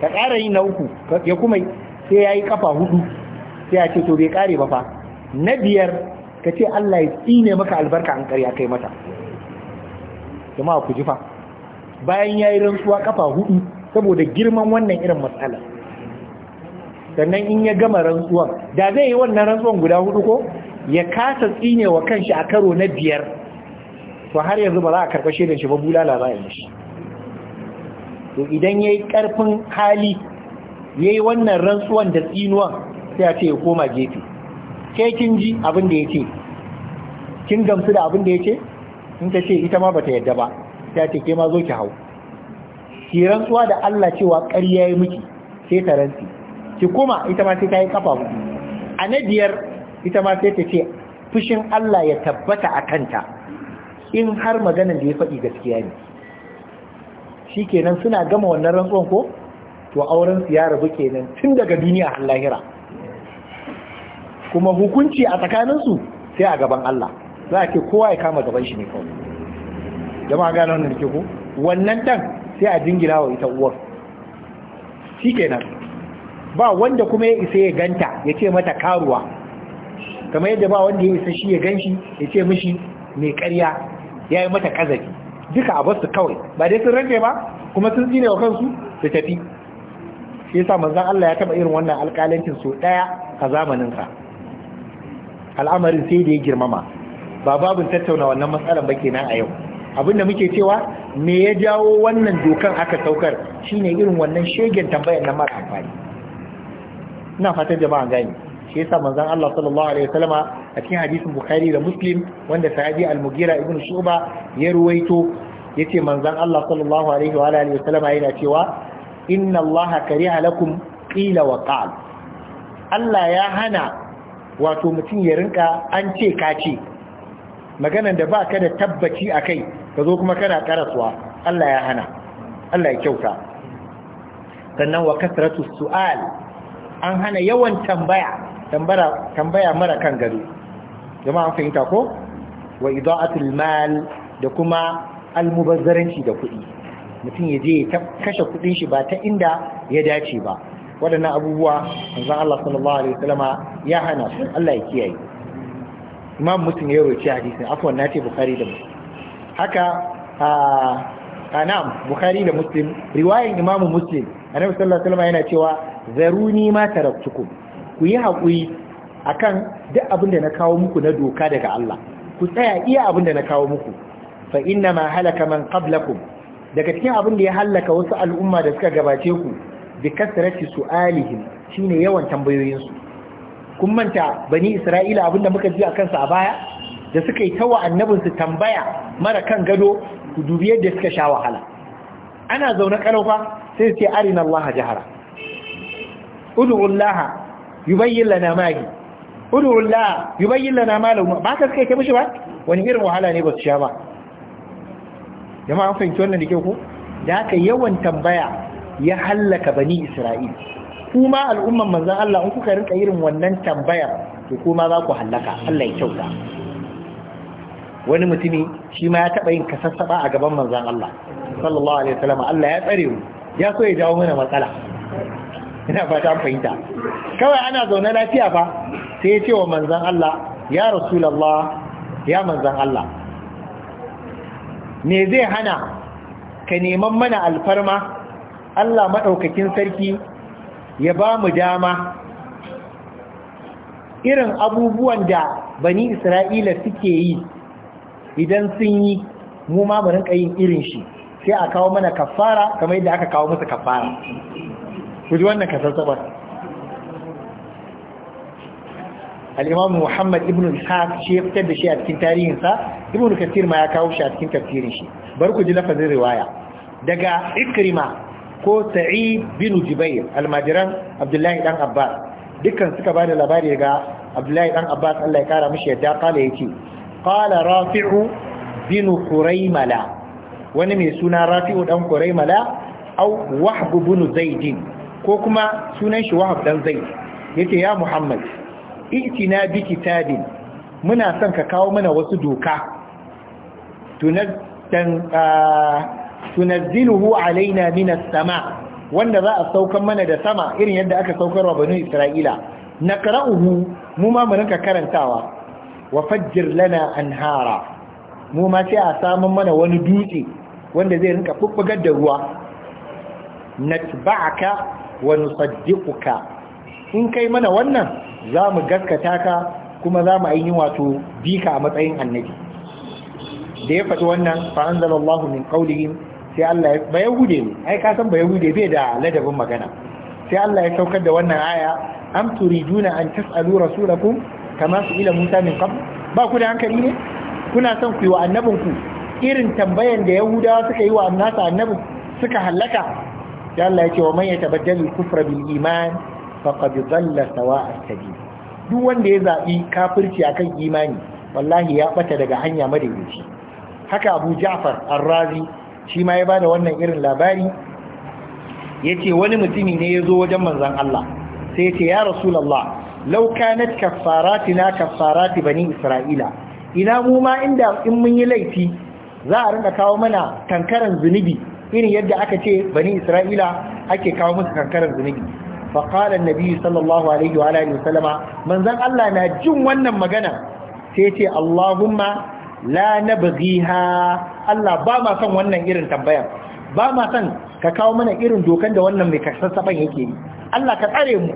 ka ƙara yin na uku ya kuma yi sai yayi kafa hudu sai a ce to bai kare ba fa na biyar ka ce Allah ya tsine maka albarka an ƙarya kai mata jama'a ku ji fa bayan ya yi rantsuwa kafa hudu saboda girman wannan irin matsala sannan in ya gama rantsuwan da zai yi wannan rantsuwan guda hudu ko ya kasa tsine wa kanshi a karo na biyar to har yanzu ba za a karɓa shaidan shi ba bulala ba yin shi to idan ya yi ƙarfin hali ya yi wannan rantsuwan da tsinuwan sai a ce ya koma gefe ke kin ji abin da ya ce kin gamsu da abin da ya ce in ta ce ita ma bata yadda ba ta ce ke ma zo ki hau ki rantsuwa da Allah cewa ƙarya ya miki sai ta rantsi ki kuma ita ma sai ta yi kafa hudu a na biyar ita ma sai ta ce fushin Allah ya tabbata a kanta in har maganar da ya faɗi gaskiya ne shi kenan suna gama wannan rantsuwan ko to auren su ya rabu kenan tun daga duniya har lahira kuma hukunci a tsakaninsu sai a gaban Allah za a ce kowa ya kama gaban shi ne kawai jama'a gane wannan ke ko wannan dan sai a jingina wa ita uwar shikenan ba wanda kuma ya isa ya ganta ya ce mata karuwa kamar yadda ba wanda ya isa shi ya ganshi ya ce mishi mai karya ya yi mata kazafi duka a basu kawai ba dai sun rage ba kuma sun tsine wa kansu su tafi shi yasa manzon Allah ya taba irin wannan alƙalancin so daya a zamanin sa al'amarin sai da ya girmama ba babun tattauna wannan matsalar ba kenan a yau Abin da muke cewa me ya jawo wannan dokan aka saukar shine irin wannan shegen tambayar na mara amfani ina fatan jama'a gani shi yasa manzon Allah sallallahu alaihi wasallama a cikin hadisin Bukhari da Muslim wanda sahabi Al-Mughira ibn Shu'ba ya ruwaito yace manzon Allah sallallahu alaihi wa alihi wasallama yana cewa inna Allah kariha lakum qila wa qal Allah ya hana wato mutum ya rinka an ce ka ce maganan da baka da tabbaci akai ka zo kuma kana karaswa, Allah ya hana Allah ya kyauta sannan wa kasratu su'al an hana yawan tambaya tambara tambaya mara kan gado jama'a an fahimta ko wa ida'atul mal da kuma almubazzaranci da kuɗi mutum ya je ya kashe kuɗin shi ba ta inda ya dace ba waɗannan abubuwa manzon Allah sallallahu alaihi wasallama ya hana su Allah ya kiyaye imam mutum ya roci hadisin afwan nace bukhari da muslim haka a na'am bukhari da muslim riwayan imamu muslim annabi sallallahu alaihi yana cewa zaruni ma taraktukum ku yi hakuri akan duk abin da na kawo muku na doka daga Allah ku tsaya iya abin na kawo muku fa inna ma halaka man qablakum daga cikin abinda ya halaka wasu al'umma da suka gabace ku bi kasrati su'alihim shine yawan tambayoyinsu kun manta bani isra'ila abinda muka ji akan sa a baya da suka yi tawa annabinsu tambaya mara kan gado ku dubi yadda suka sha wahala ana zaune kalaufa sai sai arina Allah jahara ud'u yubayyin lana mahi ud'u yubayyin lana ba ka suka yi mishi ba wani irin wahala ne ba su sha ba jama'a an fahimci wannan da ke ku da haka yawan tambaya ya hallaka bani Isra'il kuma al'umman manzon Allah in kuka rinka irin wannan tambayar to kuma za ku hallaka Allah ya kyauta wani mutumi shi ma ya taɓa yin kasassaba a gaban manzan Allah sallallahu alaihi wasallam Allah ya tsare mu ya so ya jawo mana matsala ina ta fahimta kawai ana zaune lafiya fa sai ya ce wa manzan Allah ya rasulallah ya manzan Allah me zai hana ka neman mana alfarma Allah maɗaukakin sarki ya ba mu dama irin abubuwan da bani Isra'ila suke yi idan sun yi mu ma mu rinka yin irin shi sai a kawo mana kafara kamar yadda aka kawo musu kafara ku ji wannan saba al-imam Muhammad ibn Ishaq shi ya fitar da shi a cikin tarihin sa ibn Kathir ma ya kawo shi a cikin tafsirin shi bar ku ji lafazin riwaya daga Ikrima ko Sa'id bin Jubair almajiran Abdullahi dan Abbas dukkan suka bada labari ga Abdullahi dan Abbas Allah ya kara mishi yadda kala yake qala rafi'u bin quraymala wani mai suna rafi'u ɗan kuraimala, au wahb bin zaid ko kuma sunan shi wahab ɗan, zaid yace ya muhammad itina bi kitabin muna son ka kawo mana wasu doka tunazziluhu alaina minas sama wanda za a saukan mana da sama irin yadda aka saukar wa banu isra'ila na mu ma mu rinka karantawa wa fajjir lana anhara mu ma sai a samun mana wani dutse wanda zai rinka fuffugar da ruwa natba'aka wa nusaddiquka in kai mana wannan za mu gaskata ka kuma za mu wato bika a matsayin annabi da ya faɗi wannan fa anzalallahu min qawlihi sai Allah ba yahude ne ai ka san ba yahude bai da ladabin magana sai Allah ya saukar da wannan aya am turiduna an tasalu rasulakum kama su ila Musa min qabl ba ku da hankali ne kuna son ku yi wa annabin ku irin tambayan da Yahudawa suka yi wa annasa annabin suka halaka da Allah ya ce wa man yatabaddalu kufra bil iman faqad dhalla sawa'a sabil duk wanda ya zabi kafirci akan imani wallahi ya bata daga hanya madaidaici haka Abu Ja'far Ar-Razi shi ma ya bada wannan irin labari yace wani mutumi ne ya zo wajen manzon Allah sai ya ya Rasulullah na kanat na kafarati bani isra'ila ina mu ma inda in mun yi laifi za a rinka kawo mana kankaran zunubi irin yadda aka ce bani isra'ila ake kawo musu kankaran zunubi fa qala annabi sallallahu alaihi wa alihi wasallama manzon Allah na jin wannan magana sai ce Allahumma la nabghiha Allah ba ma son wannan irin tambayar ba ma son ka kawo mana irin dokan da wannan mai kasassaban yake yi Allah ka tsare mu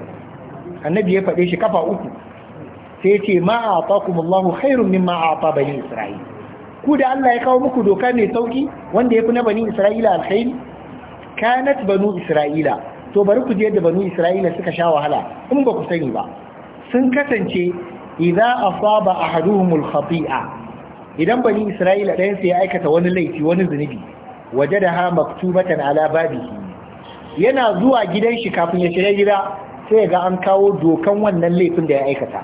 annabi ya faɗe shi kafa uku sai ce ma atakum Allahu khairun mimma ata bani Isra'ila!" ku da Allah ya kawo muku doka mai sauki wanda ya fi na bani Isra'ila alkhairi kanat bani Isra'ila to bari ku je da banu Isra'ila suka sha wahala in ba ku sani ba sun kasance idza asaba ahaduhumul khati'a idan bani isra'ila ɗayan sai ya aikata wani laifi wani zunubi waje da ha maktubatan ala babihi yana zuwa gidan shi kafin ya shiga gida sai ga an kawo dokan wannan laifin da ya aikata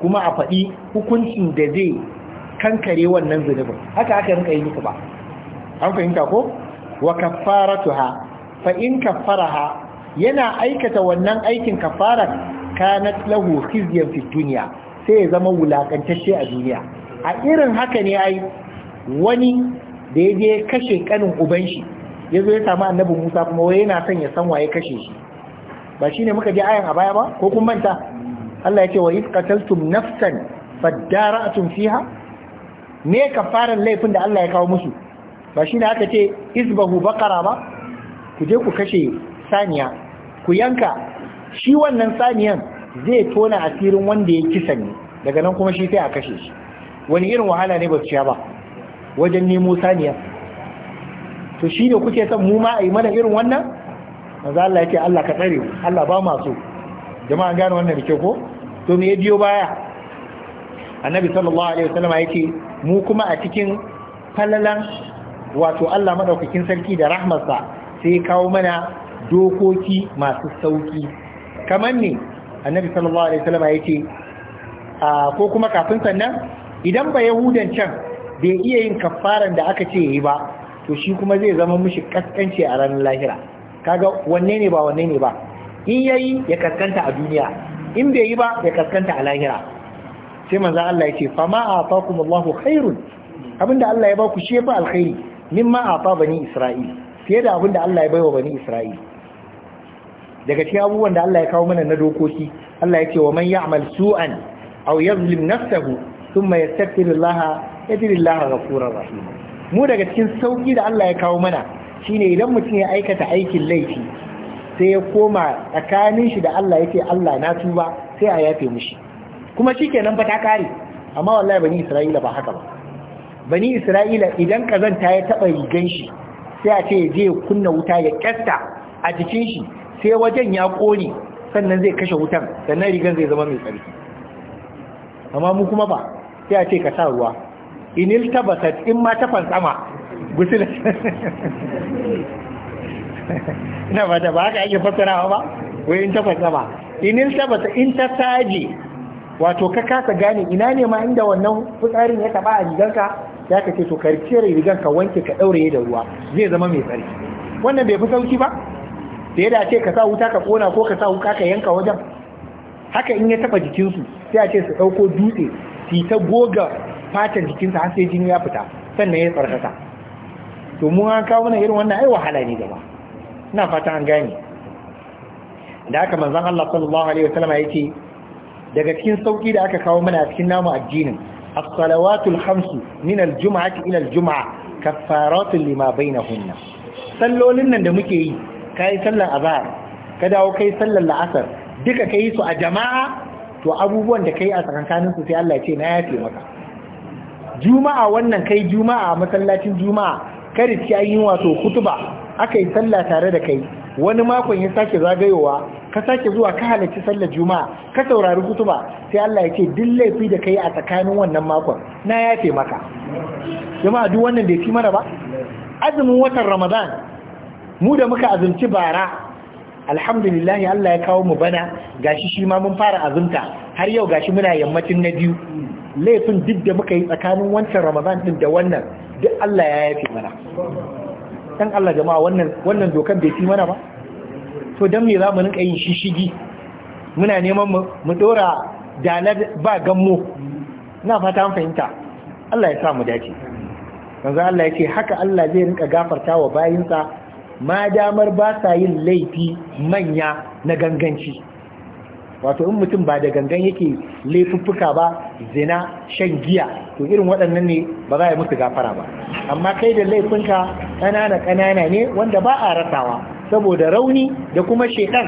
kuma a faɗi hukuncin da zai kankare wannan zunubin haka aka rinka yi ba an fahimta ko wa tuha fa in kaffaraha yana aikata wannan aikin kaffarar kanat lahu khizyan fi dunya sai ya zama wulakantacce a duniya a irin haka ne ai wani da ya je kashe kanin uban shi ya zo ya samu annabi Musa kuma wai yana son ya san waye kashe shi ba shi ne muka ji ayan a baya ba ko kun manta Allah ya ce wa yi kataltum nafsan tun fiha ka fara laifin da Allah ya kawo musu ba shi ne aka ce izbahu bakara ba ku je ku kashe saniya ku yanka shi wannan saniyan zai tona asirin wanda ya kisa ne daga nan kuma shi sai a kashe shi wani irin wahala ne ba su ciya ba wajen nemo saniya to shi ne kuke son mu ma a yi mana irin wannan manzo Allah yake Allah ka tsare Allah ba masu jama'a gane wannan da ke ko to me ya biyo baya annabi sallallahu alaihi wasallam yake mu kuma a cikin falalan wato Allah maɗaukakin sarki da rahmarsa sai kawo mana dokoki masu sauki kamar ne annabi sallallahu alaihi wasallam yake ko kuma kafin sannan idan ba yahudan can bai iya yin kafaran da aka ce yi ba to shi kuma zai zama mushi kaskanci a ranar lahira kaga wanne ne ba wanne ne ba in yayi ya kaskanta a duniya in bai yi ba ya kaskanta a lahira sai manzo Allah ya ce fama atakum Allahu khairun abinda Allah ya baku shi ba alkhairi mimma ata bani Isra'il fiye da abinda Allah ya baiwa bani Isra'il daga cikin abubuwan da Allah ya kawo mana na dokoki Allah ya ce wa man ya'mal su'an aw yazlim nafsahu thumma yastaghfirullaha Allah ghafurur rahim mu daga cikin sauki da Allah ya kawo mana shine idan mutum ya aikata aikin laifi sai ya koma tsakanin shi da Allah yake Allah na tuba sai a yafe mushi kuma shikenan fa ta kare amma wallahi bani Isra'ila ba haka ba bani Isra'ila idan kazanta ya taba rigan shi sai a ce ya je kunna wuta ya kasta a jikin shi sai wajen ya kone sannan zai kashe wutan sannan rigan zai zama mai tsarki amma mu kuma ba sai a ce ka sa ruwa inil tabasat in ma ta fantsama gusila na ba ta ba haka ake fassarawa ba wai in ta ba, in in ta saje wato ka kasa gane ina ne ma inda wannan fitsarin ya taba a riganka ya ka ce to ka rai riganka wanke ka daure da ruwa zai zama mai tsarki wannan bai fi sauki ba da ya dace ka sa wuta ka kona ko ka sa wuka ka yanka wajen haka in ya taba jikinsu sai a ce su ɗauko dutse su ta goga fatan jikinsa har sai jini ya fita sannan ya tsarkaka to mu an kawo mana irin wannan ai wahala ne gaba ina fata an gane da haka manzon Allah sallallahu alaihi wasallam yake daga cikin sauki da aka kawo mana a cikin namu addinin as-salawatul khamsu min al-jum'ati ila al-jum'a kaffaratun lima bainahunna sallolin nan da muke yi kai sallar azhar ka dawo kai sallar la'asar duka kai su a jama'a to abubuwan da kai a tsakankanin su sai Allah ya ce na yafe maka juma'a wannan kai juma'a masallacin juma'a ka riski an yi wato kutuba aka yi sallah tare da kai wani makon ya sake zagayowa ka sake zuwa ka halarci sallar juma'a ka saurari kutuba sai Allah ya ce duk laifi da kai a tsakanin wannan makon na yafe maka jama'a duk wannan ya fi mana ba azumin watan ramadan mu da muka azumci bara alhamdulillahi Allah ya kawo mu bana gashi shi ma mun fara azumta har yau gashi muna yammacin na biyu laifin duk da muka yi tsakanin wancan ramadan din da wannan duk Allah ya yafe mana dan Allah jama'a wannan wannan dokan bai fi mana ba to dan me zamu rinka yin shishigi muna neman mu dora dalar ba gammo ina fata an fahimta Allah ya sa mu dace yanzu Allah ya ce haka Allah zai rinka gafarta wa bayinsa ma damar ba sa yin laifi manya na ganganci wato in mutum ba da gangan yake laifuffuka ba zina shan giya to irin waɗannan ne ba za a yi musu gafara ba amma kai da laifinka ƙanana ƙanana ne wanda ba a rasawa saboda rauni da kuma shekan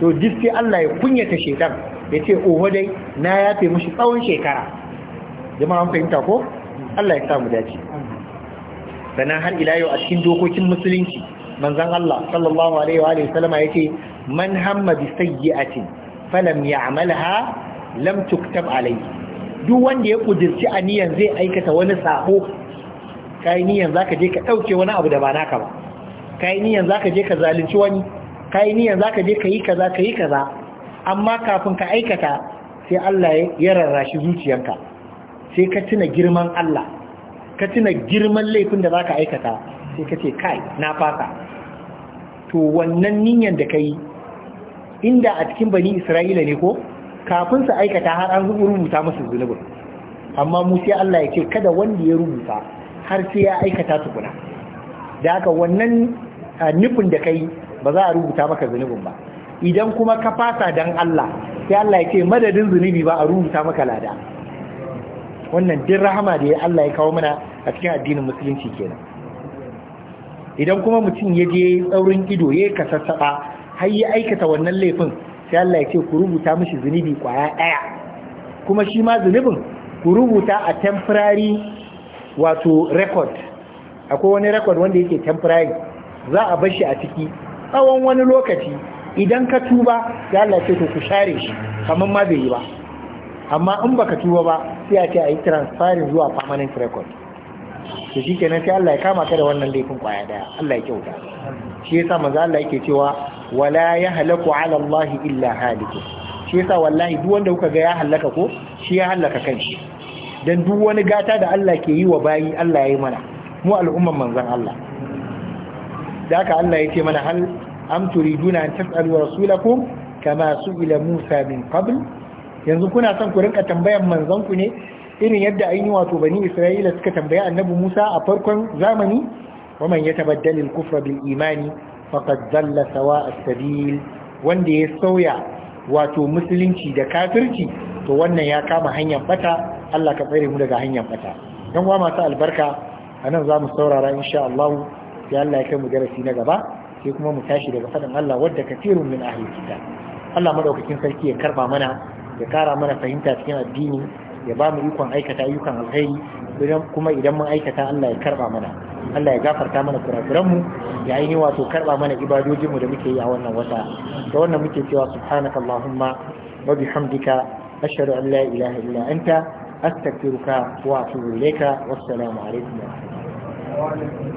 to diski Allah ya kunyata shekan ya ce oho dai na yafe mushi tsawon shekara jama'a an fahimta ko Allah ya samu dace sannan har ila yau a cikin dokokin musulunci manzon Allah sallallahu alaihi wa sallama ce. man hamma bi sayyi'atin falam ya'malha lam tuktab alayhi duk wanda ya kudirci aniyan zai aikata wani sako kai niyan zaka je ka dauke wani abu da ba naka ba kai niyan zaka je ka zalunci wani kai niyan zaka je ka yi kaza ka yi kaza amma kafin ka aikata sai Allah ya rarrashi zuciyarka, sai ka tuna girman Allah ka tuna girman laifin da zaka aikata sai ka ce kai na fasa to wannan niyan da kai inda a cikin bani isra'ila ne ko kafin su aikata har an rubuta masu zunubin amma mu sai Allah ya ce kada wanda ya rubuta har sai ya aikata tukuna da haka wannan nufin da kai ba za a rubuta maka zunubin ba idan kuma ka fasa don Allah sai Allah ya ce madadin zunubi ba a rubuta maka lada wannan din rahama da ya Allah ya kawo mana a cikin addinin musulunci kenan idan kuma mutum ya je tsaurin ido ya yi kasassaɓa har ya aikata wannan laifin sai Allah ya ce ku rubuta mishi zunubi kwaya ɗaya kuma shi ma zunubin ku rubuta a temporary wato record akwai wani record wanda yake temporary za a bar shi a ciki tsawon wani lokaci idan ka tuba sai Allah ya ce ku share shi kamar ma bai yi ba amma in baka tuba ba sai a ce a yi transferring zuwa permanent record to shi kenan sai Allah ya kama ka da wannan laifin kwaya daya Allah ya kyauta shi yasa manzo Allah yake cewa wala ya halaku ala Allah illa haliku shi yasa wallahi duk wanda kuka ga ya halaka ko shi ya halaka kanshi dan duk wani gata da Allah ke yi wa bayi Allah yayi mana mu al'umman manzon Allah da haka Allah yace mana hal am turiduna an tas'alu rasulakum kama su'ila Musa min qabl yanzu kuna son ku rinka tambayan manzon ku ne irin yadda ainihi wato bani Isra'ila suka tambaya annabi Musa a farkon zamani waman ya tabaddalil kufra bil imani faqad dalla sawa as-sabil wanda ya sauya wato musulunci da kafirci to wannan ya kama hanyar bata Allah ka tsere mu daga hanyar bata Don uwa masu albarka a za zamu saurara insha Allah sai Allah ya kai mu darasi na gaba sai kuma mu tashi daga faɗin Allah wadda katirun min ahli kitab Allah madaukakin sarki ya karba mana ya kara mana fahimta cikin addini ya ba mu ikon aikata ayyukan alkhairi kuma idan mun aikata Allah ya karba mana Allah ya gafarta mana kurakuran ya wato karba mana ibadojin mu da muke yi a wannan wata da wannan muke cewa subhanaka allahumma wa bihamdika ashhadu an la ilaha illa anta astaghfiruka wa atubu ilayka wassalamu alaikum
wa rahmatullahi